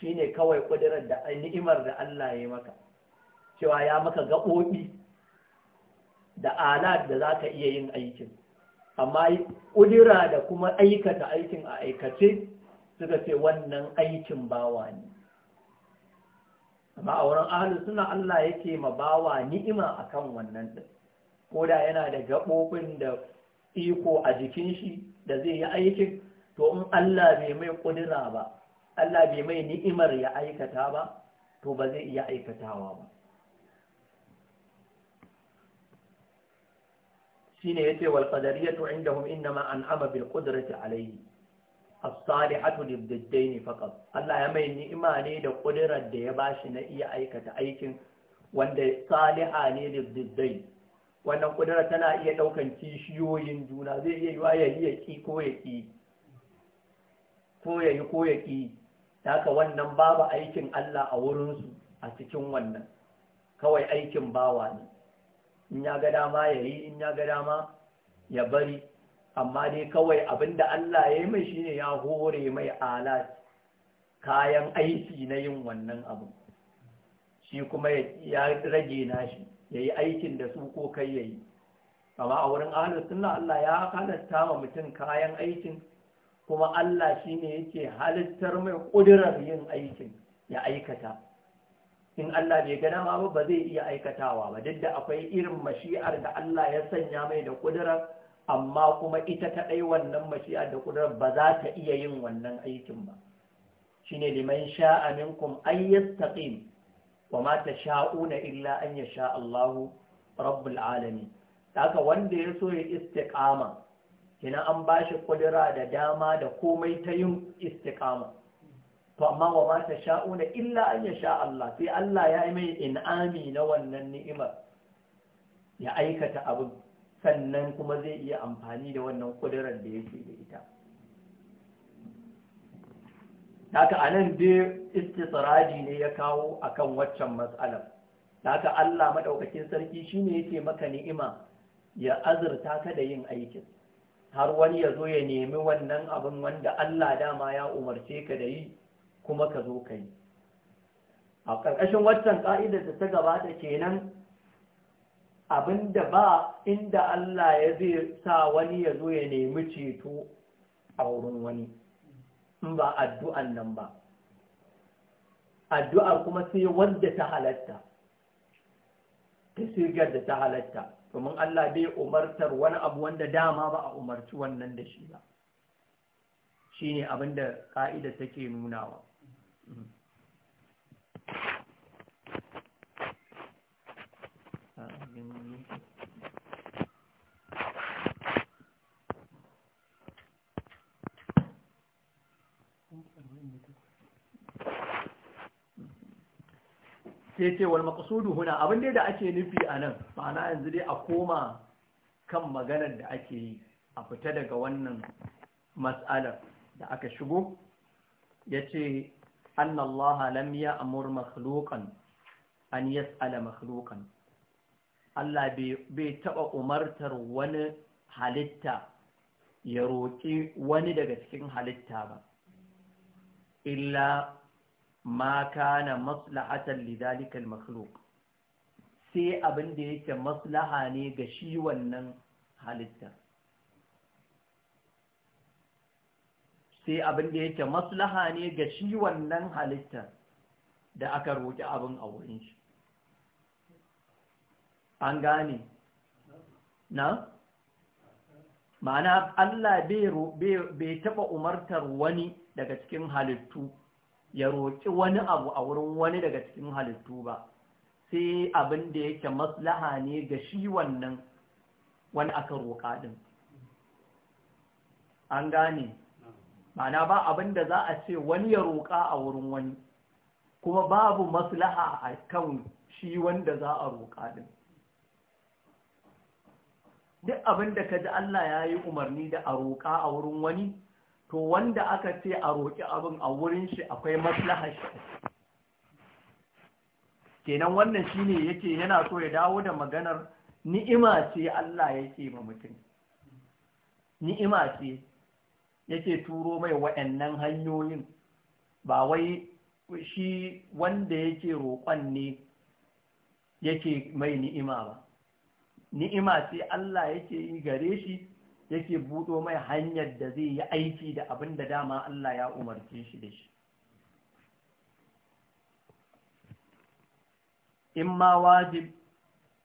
A: Shi ne kawai kudurar da ni'imar da Allah ya maka cewa ya maka gaɓoɓi da alat da za ka iya yin aikin amma ƙudira da kuma aikata aikin a aikace suka ce wannan aikin bawa ne amma a wurin ahalu suna Allah yake ma bawa ni'ima akan wannan ɗin ko da yana da gaɓoɓin da iko a jikin shi da zai yi aikin to in Allah bai mai ƙudira ba Allah bai mai ni'imar ya aikata ba to ba zai iya aikatawa ba shine yace wal qadariyatu indahum innama an'ama bil qudrati alayhi as-salihatu libdaddaini faqat Allah ya mai ni'ima ne da kudirar da ya bashi na iya aikata aikin wanda saliha ne libdaddain wannan kudirar tana iya daukan kishiyoyin juna zai iya yiwa ya yi ki ko ya ki ko ya yi ko ya ki haka wannan babu aikin Allah a wurinsu a cikin wannan kawai aikin bawa ne Inya ga dama ya yi in ga dama ya bari amma dai kawai abinda Allah ya yi mai shine ya hore mai alat kayan aiki na yin wannan abu shi kuma ya rage nashi ya yi aikin da su ko kai ya yi amma a wurin ahalar suna Allah ya halatta wa mutum kayan aikin kuma Allah shi ne yake halittar mai ƙudurar yin aikin ya aikata in Allah bai gana ma ba zai iya aikatawa ba duk da akwai irin mashi'ar da Allah ya sanya mai da kudura amma kuma ita ta ɗai wannan mashi'ar da kudura ba za ta iya yin wannan aikin ba shine liman sha'a minkum ay yastaqim wa ma tasha'una illa an yasha Allah rabbul alamin haka wanda ya so ya istiqama kina an bashi kudura da dama da komai ta yin istiqama to amma wa ma ta sha'una illa an ya sha Allah sai Allah ya yi mai in'ami na wannan ni'imar ya aikata abin sannan kuma zai iya amfani da wannan kudurar da yake da ita haka a nan dai istisraji ne ya kawo a kan waccan matsalar haka Allah maɗaukakin sarki shine yake maka ni'ima ya azurta ka da yin aikin har wani ya zo ya nemi wannan abin wanda Allah dama ya umarce ka da yi kuma ka zo ka yi a ƙarƙashin waccan ƙa'idar da ta gabata kenan abinda ba inda Allah ya zai sa wani ya zo ya nemi ceto a wurin wani in ba addu'an nan ba addu'ar kuma sai wanda ta halatta ta shigar da ta halatta domin Allah bai umartar wani abu wanda dama ba a umarci wannan da shi ba shi ne abinda ƙa'idar take nunawa sai ce wal makasudu huna abin dai da ake nufi a nan ma'ana yanzu dai a koma kan maganar da ake yi a fita daga wannan matsalar da aka shigo ya ce. أن الله لم يأمر مخلوقا أن يسأل مخلوقا Allah bai taɓa umartar wani halitta ya roƙi wani daga cikin halitta ba, illa ma kana maslahatan lidalikal makhluk sai abin da yake maslaha ne ga shi wannan halitta. sai abin da yake maslaha ne ga shi wannan halittar da aka roƙi abin a wurin shi an gane na ma'ana Allah bai taɓa umartar wani daga cikin halittu ya roƙi wani abu a wurin wani daga cikin halittu ba sai abin da yake maslaha ne ga shi wannan wani aka roƙa ɗin an gane ma'ana ba abin da za a ce wani ya roƙa a wurin wani kuma babu maslaha a kan shi wanda za a roƙa din duk abin da ka ji Allah ya yi umarni da a roƙa a wurin wani to wanda aka ce a roƙi abin a wurin shi akwai maslaha shi kenan wannan shine yake yana so ya dawo da maganar ni'ima ce Allah yake ma mutum ni'ima ce yake turo mai waɗannan hanyoyin ba wai shi wanda yake roƙon ne yake mai ni'ima ba ni'ima sai Allah yake yi gare shi yake buɗo mai hanyar da zai yi aiki da abin da dama Allah ya umarci shi da shi in ma wajib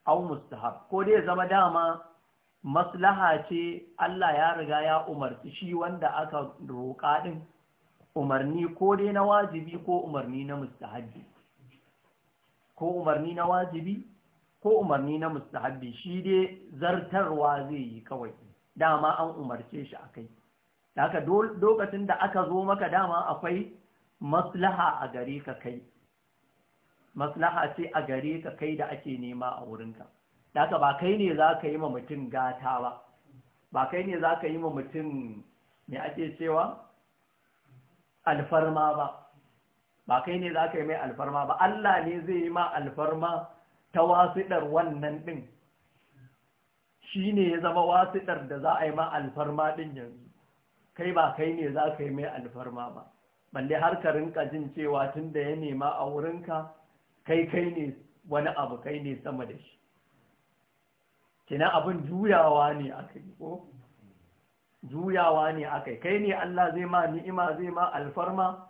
A: au mustahab ko dai zama dama maslaha ce Allah ya riga ya umarci shi wanda aka roƙa ɗin umarni ko dai na wajibi ko umarni na mustahabbi ko umarni na wajibi ko umarni na mustahabbi shi dai zartarwa zai yi kawai dama an umarce shi akai haka lokacin da aka zo maka dama akwai maslaha a gare ka kai maslaha ce a gare ka kai da ake nema a wurinka da ba kai ne za ka yi ma mutum gata ba ba kai ne za ka yi ma mutum mai ake cewa alfarma ba ba kai ne za ka yi mai alfarma ba Allah ne zai yi ma alfarma ta wasiɗar wannan ɗin shi ne ya zama wasiɗar da za a yi ma alfarma ɗin yanzu kai ba kai ne za ka yi mai alfarma ba balle har ka rinka jin cewa tun da ya nema a wurinka kai kai ne wani abu kai ne sama da shi kina abin juyawa ne aka yi ko juyawa ne aka yi kai ne Allah zai ma ni'ima zai ma alfarma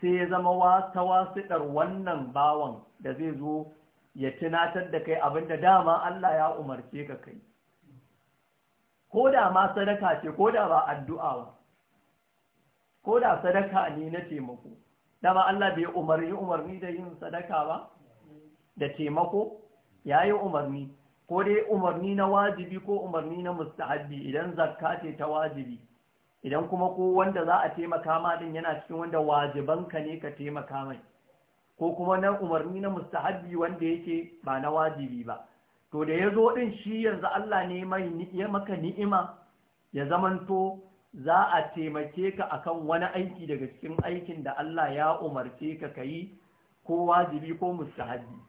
A: sai ya zama ta wasiɗar wannan bawan da zai zo ya tunatar da kai abin da dama Allah ya umarce ka kai ko da ma sadaka ce ko da ba addu'a ba ko da sadaka ne na taimako dama Allah bai umarni umarni da yin sadaka ba da taimako ya yi umarni ko dai umarni na wajibi ko umarni na mustahabbi idan zakka ce ta wajibi idan kuma ko wanda za a taimaka ma din yana cikin wanda wajibanka ne ka taimaka mai ko kuma na umarni na mustahabbi wanda yake ba na wajibi ba to da ya zo din shi yanzu Allah ne mai ya maka ni'ima ya zamanto za a taimake ka akan wani aiki daga cikin aikin da Allah ya umarce ka kayi ko wajibi ko mustahabbi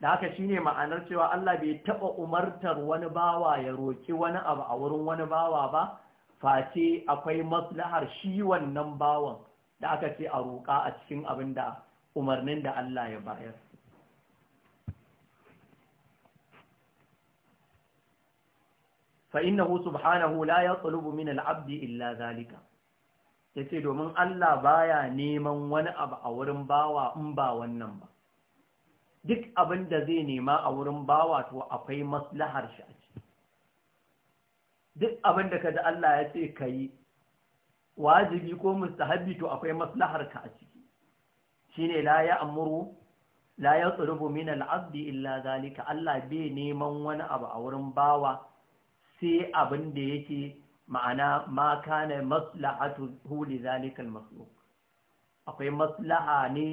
A: da haka shine ma'anar cewa Allah bai taɓa umartar wani bawa ya roki wani abu a wurin wani bawa ba face akwai maslahar shi wannan bawan da aka ce a roƙa a cikin abin da umarnin da Allah ya bayar فإنه سبحانه لا يطلب من العبد إلا ذلك yace domin Allah baya neman wani abu a wurin bawa in ba wannan ba duk abin da zai nema a wurin bawa to akwai maslahar shi a ciki duk abin da kaji Allah ya ce kai wajibi ko mustahabi to akwai maslahar ka a ciki shine la ya amuru la ya tsurubu min al'abdi illa zalika Allah bai neman wani abu a wurin bawa sai abin da yake ma'ana ma kana hu li zalika al akwai maslaha ne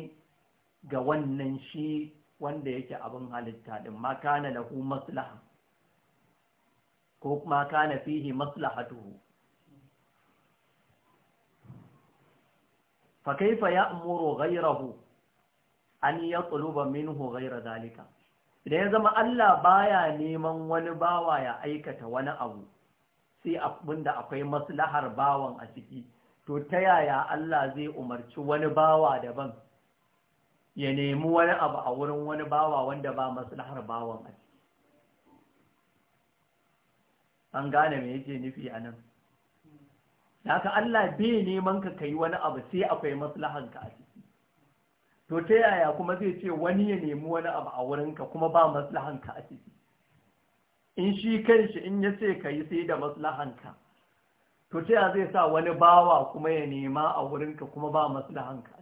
A: ga wannan shi wanda yake abin halitta din ma kana lahu maslaha ko ma kana fihi maslahatuhu fa kaifa ya'muru ghayrahu an yatluba minhu ghayra zalika idan ya zama Allah baya neman wani bawa ya aikata wani abu sai abinda akwai maslahar bawan a ciki to ta yaya Allah zai umarci wani bawa daban ya nemi wani abu a wurin wani bawa wanda ba maslahar bawan a an gane me yake nufi a nan haka Allah bai neman ka kai wani abu sai akwai maslahar ka a ciki to ta yaya kuma zai ce wani ya nemi wani abu a wurinka kuma ba maslahar ka a ciki in shi kanshi in ya ce ka yi sai da maslahar ka to ta yaya zai sa wani bawa kuma ya nema a wurinka kuma ba maslahar ka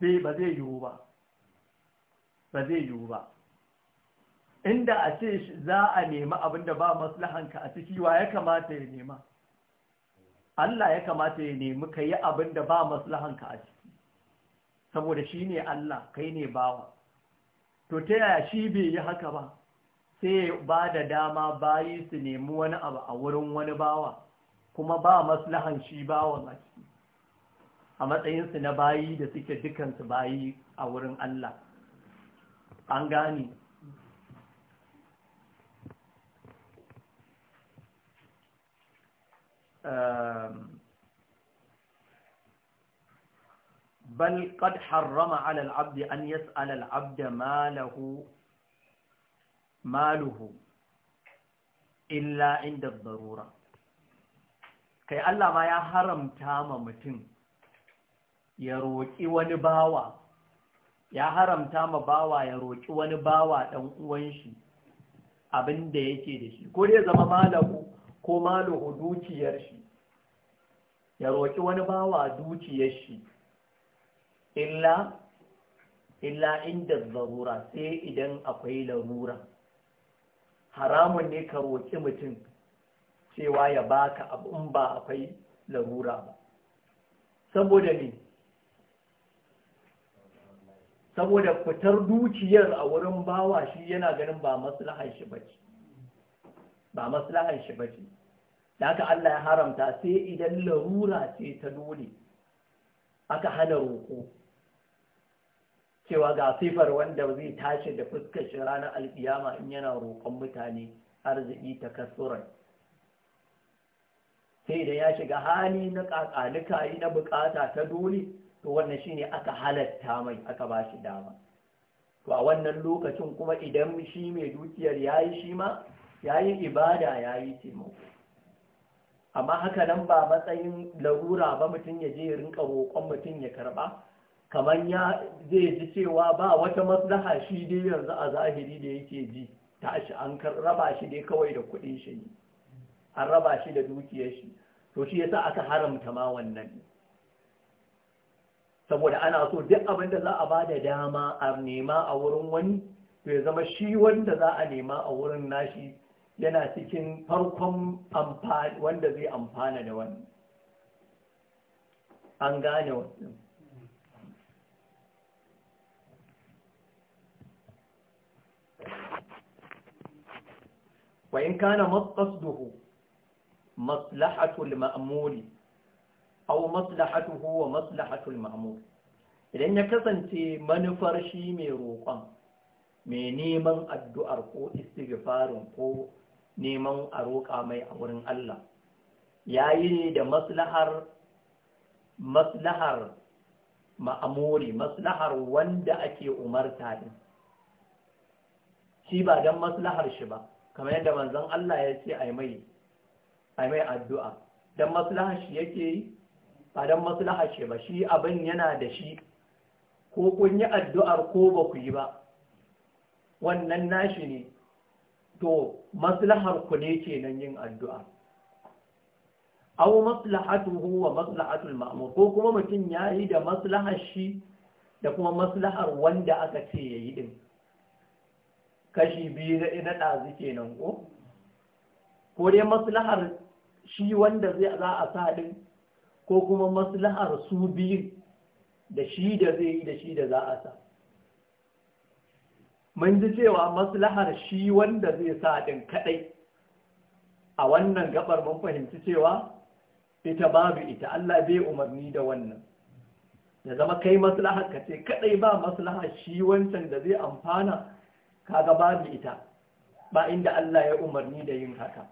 A: sai ba zai yiwu ba ba zai yiwu ba inda a ce za a nema abinda ba maslahanka a ciki wa ya kamata ya nema Allah ya kamata ya nemi ka yi abinda ba maslahanka a ciki saboda shi ne Allah kai ne bawa to ta yaya shi bai yi haka ba sai ba da dama bayi su nemi wani abu a wurin wani bawa kuma ba maslahan shi bawan a ciki a matsayinsu na bayi da suke dukansu bayi a wurin Allah an gane بل قد حرم على العبد أن يسأل العبد ماله ماله إلا عند kai Allah ma ya haramta ma mutum ya roƙi wani bawa ya haramta ma bawa ya roƙi wani bawa ɗan uwan shi abin da yake da shi ko dai zama malamu ko malamu dukiyar shi ya roƙi wani bawa dukiyar shi illa illa inda zarura sai idan akwai larura haramun ne ka roƙi mutum cewa ya baka abin ba akwai larura ba saboda ne saboda fitar dukiyar a wurin bawa shi yana ganin ba maslahar shi bace ba maslahar shi bace haka Allah ya haramta sai idan larura ce ta dole aka hana roƙo cewa ga sifar wanda zai tashi da fuskar shi ranar alkiyama in yana roƙon mutane arziki ta kasurai sai da ya shiga hali na kakalika yi na bukata ta dole to wannan shine aka halatta mai aka ba shi dama to a wannan lokacin kuma idan shi mai dukiyar yayi shi ma yayi ibada yayi taimako amma haka nan ba matsayin larura ba mutum ya je rinka roƙon mutum ya karɓa? kamar ya zai ji cewa ba wata maslaha shi dai yanzu a zahiri da yake ji tashi an raba shi dai kawai da kuɗin shi ne an raba shi da dukiyar shi to shi yasa aka haramta ma wannan saboda ana so duk abin da za a ba da dama a nema a wurin wani to ya zama shi wanda za a nema a wurin nashi yana cikin farkon wanda zai amfana da wani an gane wasu وإن كان مقصده مصلحة المأمول aw maslahatuhu wa maslahatul ma'mur idan ya kasance manufar shi mai roƙon mai neman addu'ar ko istighfarin ko neman a roƙa mai a wurin Allah yayi da maslahar maslahar ma'amuri maslahar wanda ake umarta din shi ba don maslahar shi ba kamar yadda manzon Allah ya ce ai mai ai mai addu'a don maslahar shi yake yi ba don maslaha ce ba shi abin yana da shi ko kun yi addu'ar ko ba ku yi ba wannan nashi ne to maslahar ku ne kenan yin addu'a Au maslahatuhu wa maslahatul ma'amu ko kuma mutum ya yi da maslahar shi da kuma maslahar wanda aka ce yayi din kashi biyu da ina kenan ko ko dai maslahar shi wanda zai za a sa din ko kuma maslahar su biyu da shi da zai yi da shi da za a sa mun ji cewa maslahar shi wanda zai sa din kadai a wannan gabar mun fahimci cewa ita babu ita Allah bai umarni da wannan Da zama kai maslahar ka ce kadai ba maslahar shi wancan da zai amfana kaga babu ita ba inda Allah ya umarni da yin haka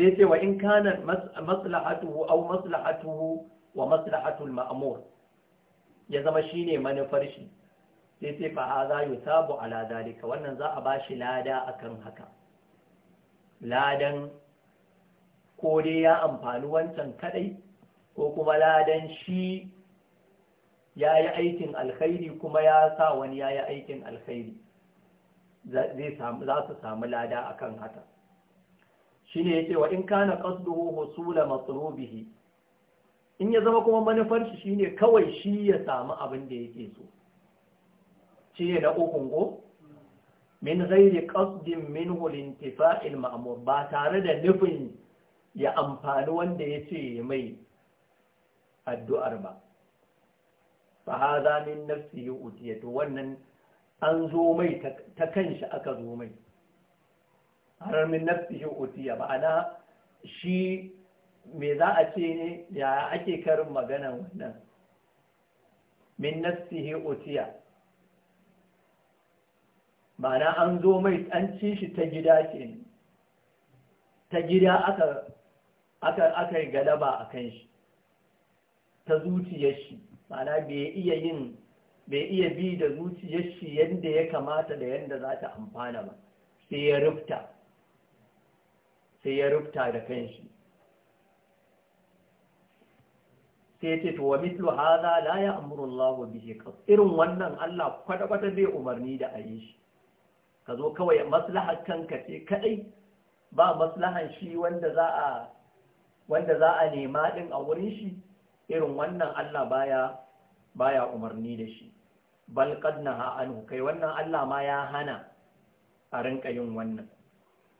A: sai ce wa in kana maslahatuhu au maslahatuhu wa maslahatul ma'amur ya zama shine manufar shi sai sai fa sabo yusabu ala zalika wannan za a bashi lada akan haka ladan ko dai ya amfani wancan kadai ko kuma ladan shi ya yi aikin alkhairi kuma ya sa wani ya yi aikin alkhairi za su samu lada akan haka shine yace wa in kana qasduhu husula matlubihi in ya zama kuma manufar shi shine kawai shi ya samu abin da yake so ne da ukun go min ghairi qasdin minhu lintifa'il ma'mur ba tare da nufin ya amfani wanda yace mai addu'ar ba fa hadha min nafsihi utiyatu wannan an zo mai ta kanshi aka zo mai har min nafsihi utiya ma'ana shi me za a ce ne ya ake karin magana wannan min nafsihi utiya ma'ana an zo mai an ci shi ta gida ce ta gida aka aka aka yi galaba a kan shi ta zuciyar shi ma'ana bai iya yin bai iya bi da zuciyar shi yadda ya kamata da yadda za ta amfana ba sai ya rufta sai ya rubta da kanshi sai ce to wa mislu hadha la ya'muru Allah bihi irin wannan Allah kwata kwata bai umarni da ayi shi ka zo kawai maslahar kanka ce kadai ba maslahan shi wanda za a wanda za a nema din a wurin shi irin wannan Allah baya baya umarni da shi bal qad anhu kai wannan Allah ma ya hana a rinka yin wannan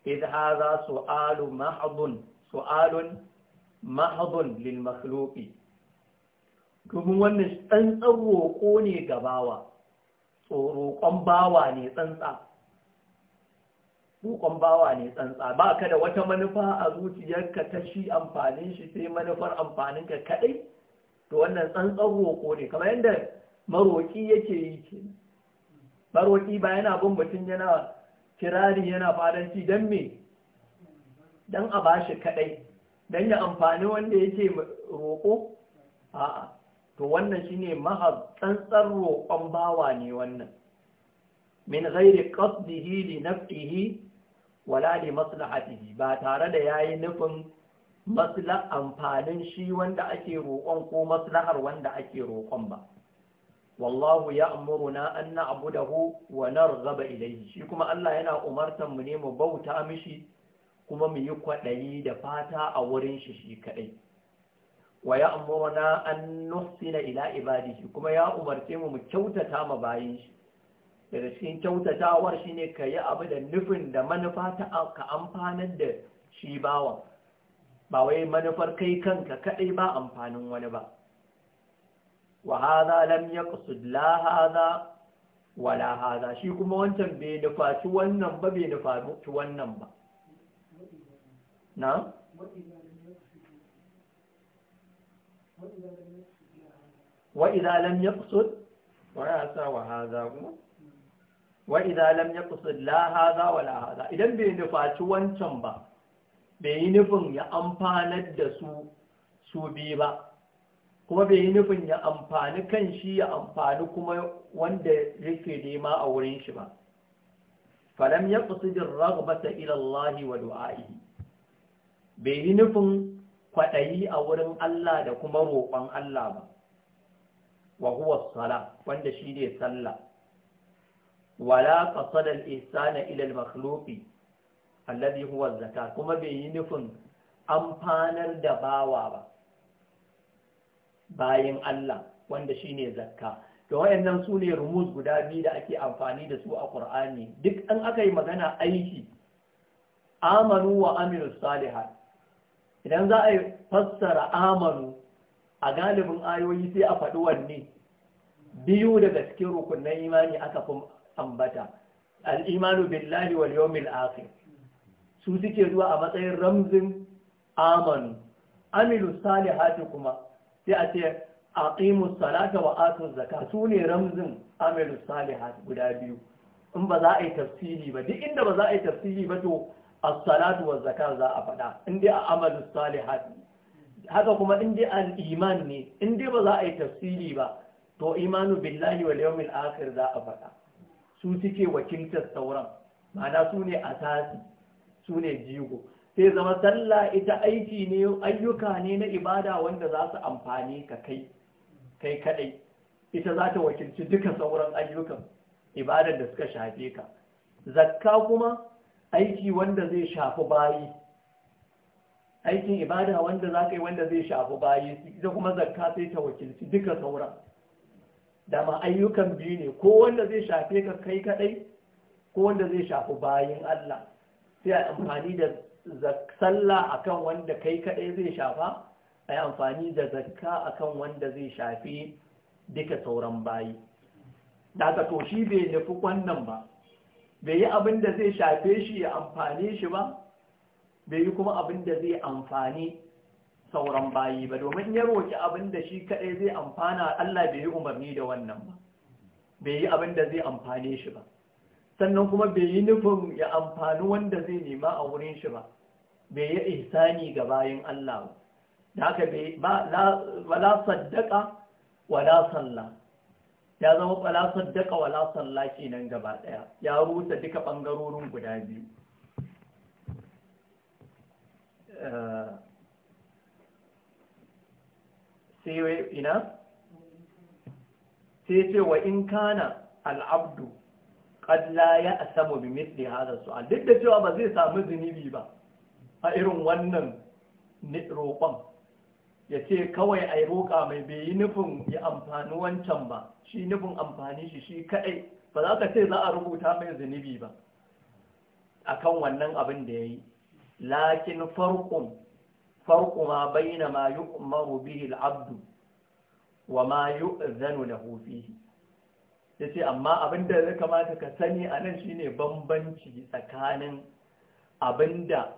A: إذ هذا سؤال محض سؤال محض للمخلوق domin wannan tsantsar roƙo ne ga bawa roƙon bawa ne tsantsa roƙon bawa ne tsantsa ba ka da wata manufa a zuciyarka ta shi amfanin shi sai manufar amfaninka kaɗai to wannan tsantsar roƙo ne kamar yadda maroƙi yake yi ke maroƙi ba yana bin mutum yana kirari yana fadanci don me don a bashi kadai don ya amfani wanda yake roƙo a'a to wannan shine mahab tsantsar roƙon bawa ne wannan min ghairi qasdihi li nafsihi wala li maslahatihi ba tare da yayi nufin masla amfanin shi wanda ake roƙon ko maslahar wanda ake roƙon ba wallahu ya'muruna an hu wa narghaba ilayhi shi kuma Allah yana umartan mu ne mu bauta mishi kuma mu yi kwaɗayi da fata a wurin shi shi kaɗai wa ya'muruna an nuhsina ila shi kuma ya umarce mu mu kyautata ma bayin shi daga cikin kyautatawar shine ka yi abu da nufin da manufa ta ka amfanar da shi bawa ba wai manufar kai kanka kaɗai ba amfanin wani ba وهذا لم يقصد لا هذا ولا هذا شي kuma wancan bai nufaci wannan ba bai nufaci wannan ba na wa idza lam yaqsud wa wa hadha kuma wa idza lam yaqsud la hadha hadha idan bai nufaci wancan ba bai yi nufin ya amfanar da su su bi ba kuma bai yi nufin ya amfani kan shi ya amfani kuma wanda yake nema a wurin shi ba falam ya kusurin ragbata ilallahi wa du'a'i bai yi nufin kwaɗayi a wurin Allah da kuma roƙon Allah ba wa huwa sala wanda shi ne sallah wala qasada al-ihsana ila al-makhluqi alladhi huwa az-zakat kuma bai yi nufin amfanar da bawa ba bayan Allah wanda shine zakka da wayannan su ne rumuz guda biyu da ake amfani da su a Qur'ani duk an aka yi magana aiki amanu wa amilu salihat idan za a yi fassara amanu a galibin ayoyi sai a faɗi wanne biyu daga cikin rukunan imani aka fi ambata al'imanu billahi wal yawmil akhir su suke zuwa a matsayin ramzin amanu amilu salihati kuma sai a ce a ƙimu salata wa atu Zaka su ne ramzin amiru salihat guda biyu in ba za a yi tafsiri ba duk inda ba za a yi tafsiri ba to a salatu wa Zaka za a faɗa in a amalu salihat haka kuma in dai an iman ne in dai ba za a yi tafsiri ba to imanu billahi wa yawmil akhir za a faɗa su suke wakiltar sauran ma'ana su ne a asasi su ne jigo sai zama sallah ita aiki ne ayyuka ne na ibada wanda za su amfani ka kai kai kadai ita za ta wakilci duka sauran ayyukan ibadar da suka shafe ka zakka kuma aiki wanda zai shafi bayi aikin ibada wanda za ka yi wanda zai shafi bayi ita kuma zakka sai ta wakilci duka sauran dama ayyukan biyu ne ko wanda zai shafe ka kai kadai ko wanda zai shafi bayin Allah sai a amfani da sallah akan wanda kai kaɗai zai shafa a amfani da zakka akan wanda zai shafi duka sauran bayi daga to shi bai nufi wannan ba bai yi abin da zai shafe shi ya amfane shi ba bai yi kuma abin da zai amfani sauran bayi ba domin ya roki abin da shi kaɗai zai amfana Allah bai yi umarni da wannan ba bai yi abin da zai amfane shi ba sannan kuma bai yi nufin ya amfani wanda zai nema a wurin shi ba bai yi ihsani ga bayan Allah ba da haka wala saddaka wala salla ya zama wala saddaka wala salla kenan gaba daya ya rusa duka bangarorin guda biyu eh, sai ina sai ce wa in kana al'abdu Ƙalla ya ya'samu bi mithli hadha duk da cewa ba zai samu zunubi ba a irin wannan roƙon ya ce kawai a yi roƙa mai bai yi nufin ya amfani wancan ba shi nufin amfani shi shi kaɗai ba za ka ce za a rubuta mai zunubi ba a kan wannan abin da ya yi lakin farkon farko ma bayyana ma yi umaru bihi al'abdu wa ma yi zanu da hufihi ya ce amma abin da ya kamata ka sani a nan shine bambanci tsakanin abin da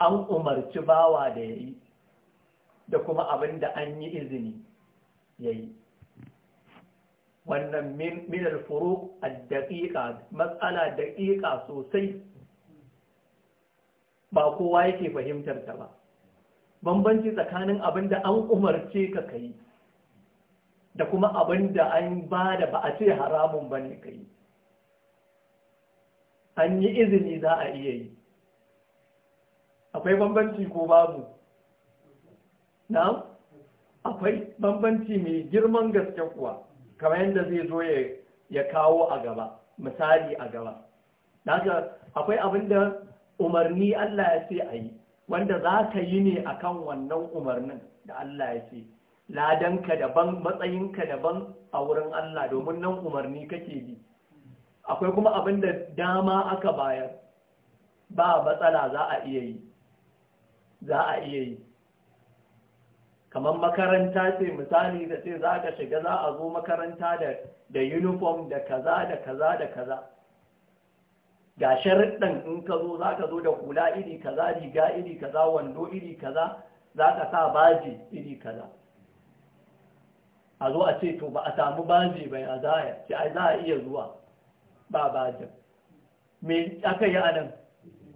A: an umarci bawa da ya yi da kuma abin da an yi izini ya yi wannan minar furu a daƙiƙa matsala daƙiƙa sosai ba kowa yake fahimtar ta ba bambanci tsakanin abin da an umarce ka ka da kuma abin da an ba da ba a ce haramun ba ne kai an yi izini za a iya yi akwai bambanci ko babu na akwai bambanci mai girman gaske kuwa kamar yadda zai zo ya kawo a gaba misali a gaba daga akwai abin da umarni Allah ya ce a yi wanda za ka yi ne akan wannan umarnin da Allah ya ce ladanka daban matsayinka daban a wurin Allah domin nan umarni kake bi akwai kuma abin da dama aka bayar ba matsala za a iya yi za a iya yi kamar makaranta ce misali da ce za ka shiga za a zo makaranta da uniform da kaza da kaza da kaza ga sharaɗin in ka zo za ka zo da kula iri kaza riga iri kaza wando iri kaza za ka sa baji iri kaza a zo a ce to ba a samu baji ba ya za a ce a za a iya zuwa ba bajin me aka yi a nan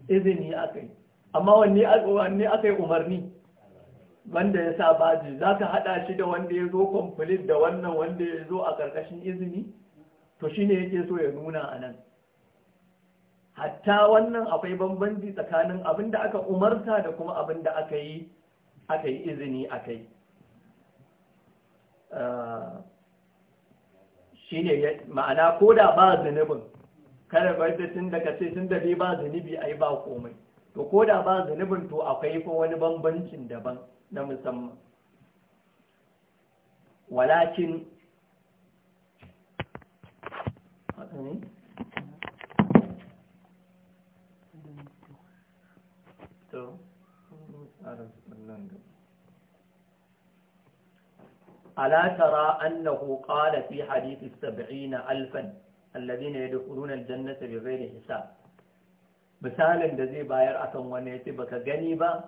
A: izini aka yi amma wanne aka yi umarni wanda ya sa baji za ka haɗa shi da wanda ya zo complete da wannan wanda ya zo a ƙarƙashin izini to shi ne yake so ya nuna a nan hatta wannan akwai bambanci tsakanin abinda aka umarta da kuma abin da aka yi izini a kai shi ne ma'ana ko da ba zunubin kada bai tun daga ce sun da ba zunubi ai ba komai to ko da ba zunubin to akwai fa wani bambancin daban na musamman walakin to ألا ترى أنه hadisi في حديث السبعين ألفا الذين يدخلون الجنة بغير حساب misalin da zai bayar akan wani ya ce baka gani ba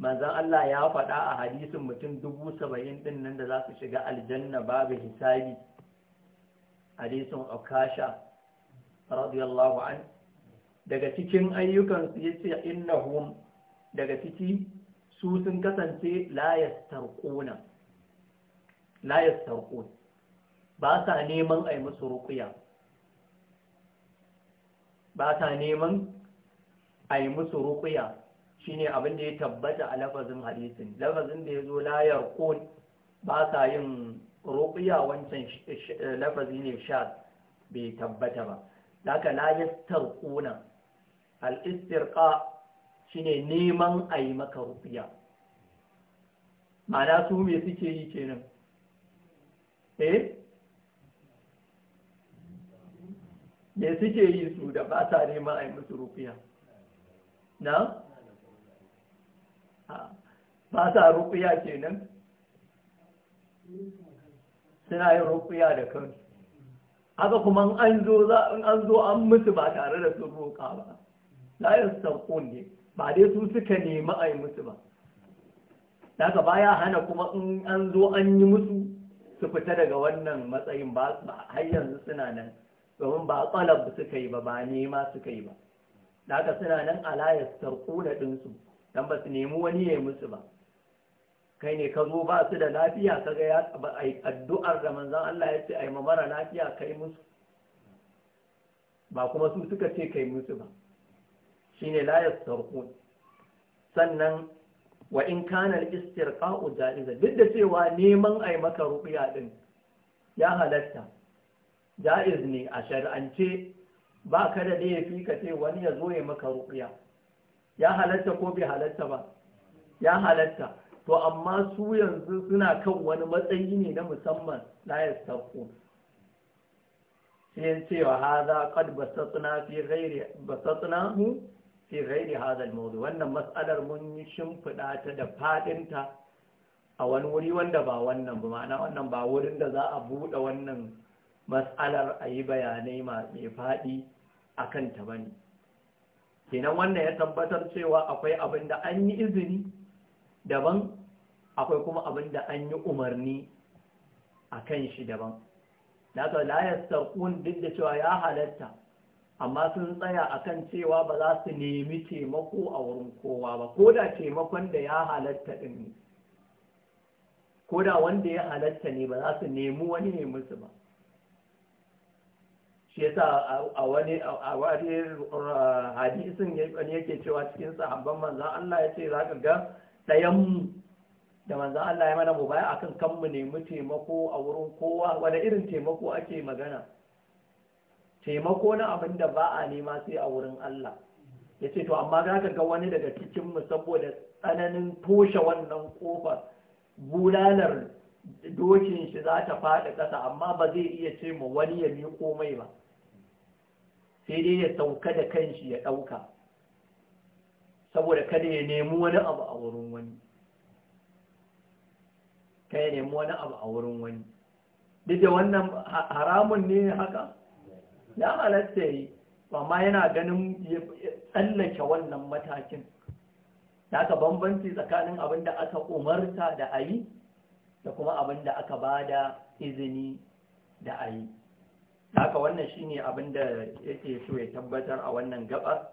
A: manzan Allah ya faɗa a hadisin mutum dubu saba'in ɗin nan da zasu shiga aljanna babu hisabi hadisin okasha radiyallahu an daga cikin ayyukansu ya ce innahum daga ciki su sun kasance la yastarquna la yastarqun ba sa neman ai musu ruqya ba sa neman ai musu ruqya shine abin da ya tabbata a lafazin hadisin lafazin da yazo la yarqun ba sa yin ruqya wancan lafazi ne sha bai tabbata ba laka la yastarquna al-istirqa shine neman ai maka ruqya ma'ana su me suke yi kenan eh me suke yi su da ba sa neman a yi musu rufiya na? ba sa rufiya kenan suna yin rufiya da kansu haka kuma an zo an musu ba tare da sun roƙa ba layar saukon ne ba dai su suka nemi a yi musu ba daga baya hana kuma in an zo an yi musu su fita daga wannan matsayin ba har yanzu suna nan domin ba tsalab suka yi ba ba nema suka yi ba da suna nan alayar da ɗinsu don ba su nemi wani ya yi musu ba kai ne ka zo ba su da lafiya ka ga ya addu'ar da manzan Allah ya ce ai mara lafiya kai musu ba kuma su suka ce kai musu ba shine layar sarkun sannan wa in kana al-istirqa'u ja'iza duk da cewa neman ai maka rubiya din ya halatta ja'iz ne a shar'ance ba ka da laifi ka ce wani ya zo ya maka rubiya ya halatta ko bai halatta ba ya halatta to amma su yanzu suna kan wani matsayi ne na musamman la yastaqu sai cewa hadha qad basatna fi ghairi basatna fi ghairi hadal mawdu wannan mas'alar mun shimfida ta da fadinta a wani wuri wanda ba wannan ba ma'ana wannan ba wurin da za a bude wannan mas'alar ayi yi bayanai mai fadi akan ta bane kenan wannan ya tabbatar cewa akwai abin da an yi izini daban akwai kuma abin da an yi umarni akan shi daban daga yasta sarkun duk da cewa ya halatta amma sun tsaya akan cewa ba za su nemi taimako a wurin kowa ba ko da taimakon da ya halatta ɗin ne ko da wanda ya halatta ne ba za su nemi wani ne musu ba shi yasa a wani a wani uh, hadisin yake cewa cikin sahabban manzan Allah ya ce za ka ga ɗayan da manzan Allah ya mana mu baya akan kan mu nemi taimako a wurin kowa wani irin taimako ake magana taimako na abin da ba a nema sai a wurin Allah ya ce to amma za ka ga wani daga cikinmu saboda tsananin toshe wannan kofar bulalar dokin shi za ta faɗi ƙasa amma ba zai iya ce ma wani ya miƙo mai ba sai dai ya sauka da kanshi ya ɗauka saboda kada ya nemi wani abu a wurin wani kaya nemi wani abu a wurin wani duk wannan haramun ne haka ya halatta ya yi ma yana ganin ya tsallake wannan matakin ka bambanci tsakanin abin da aka umarta da a yi da kuma abin da aka ba da izini da a yi haka wannan shi ne abin da yake so ya tabbatar a wannan gabar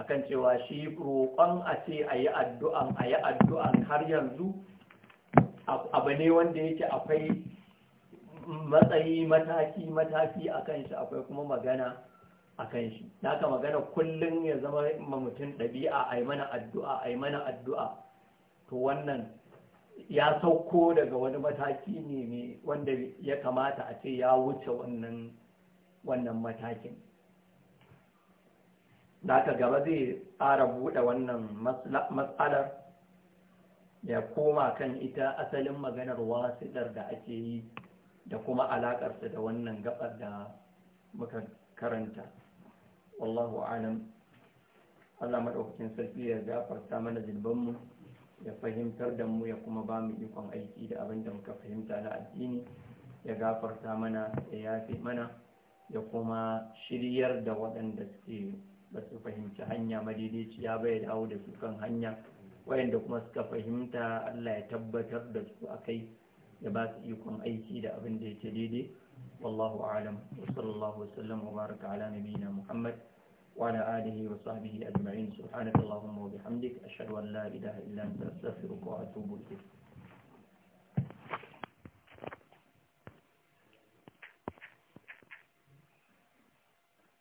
A: akan cewa shi roƙon a ce a yi addu'an a yi addu'an har yanzu abu ne wanda yake akwai matsayi mataki mataki a kan akwai kuma magana a kan shi naka magana kullum ya zama ma mutum ɗabi'a a yi mana addu'a a yi mana addu'a to wannan ya sauko daga wani mataki ne wanda ya kamata a ce ya wuce wannan matakin da naka gaba zai tsara buɗe wannan matsalar ya koma kan ita asalin maganar wasiɗar da ake yi da kuma alaƙarsa da wannan gaɓar da muka karanta wallahu alam Allah maɗaukakin sarki ya gafarta mana mu ya fahimtar da mu ya kuma ba mu ikon aiki da abin da muka fahimta na addini ya gafarta mana ya yafe mana ya kuma shiryar da waɗanda suke ba su fahimci hanya madidiciya ba ya dawo da su kan hanya wayanda kuma suka fahimta Allah ya tabbatar da su a kai ya ba su ikon aiki da abin da yake daidai wallahu alam wa sallallahu wasallam wa baraka ala nabiyyina muhammad wa ala alihi wa sahbihi ajma'in subhanakallahumma wa bihamdik ashhadu an la ilaha illa anta astaghfiruka wa atubu ilayk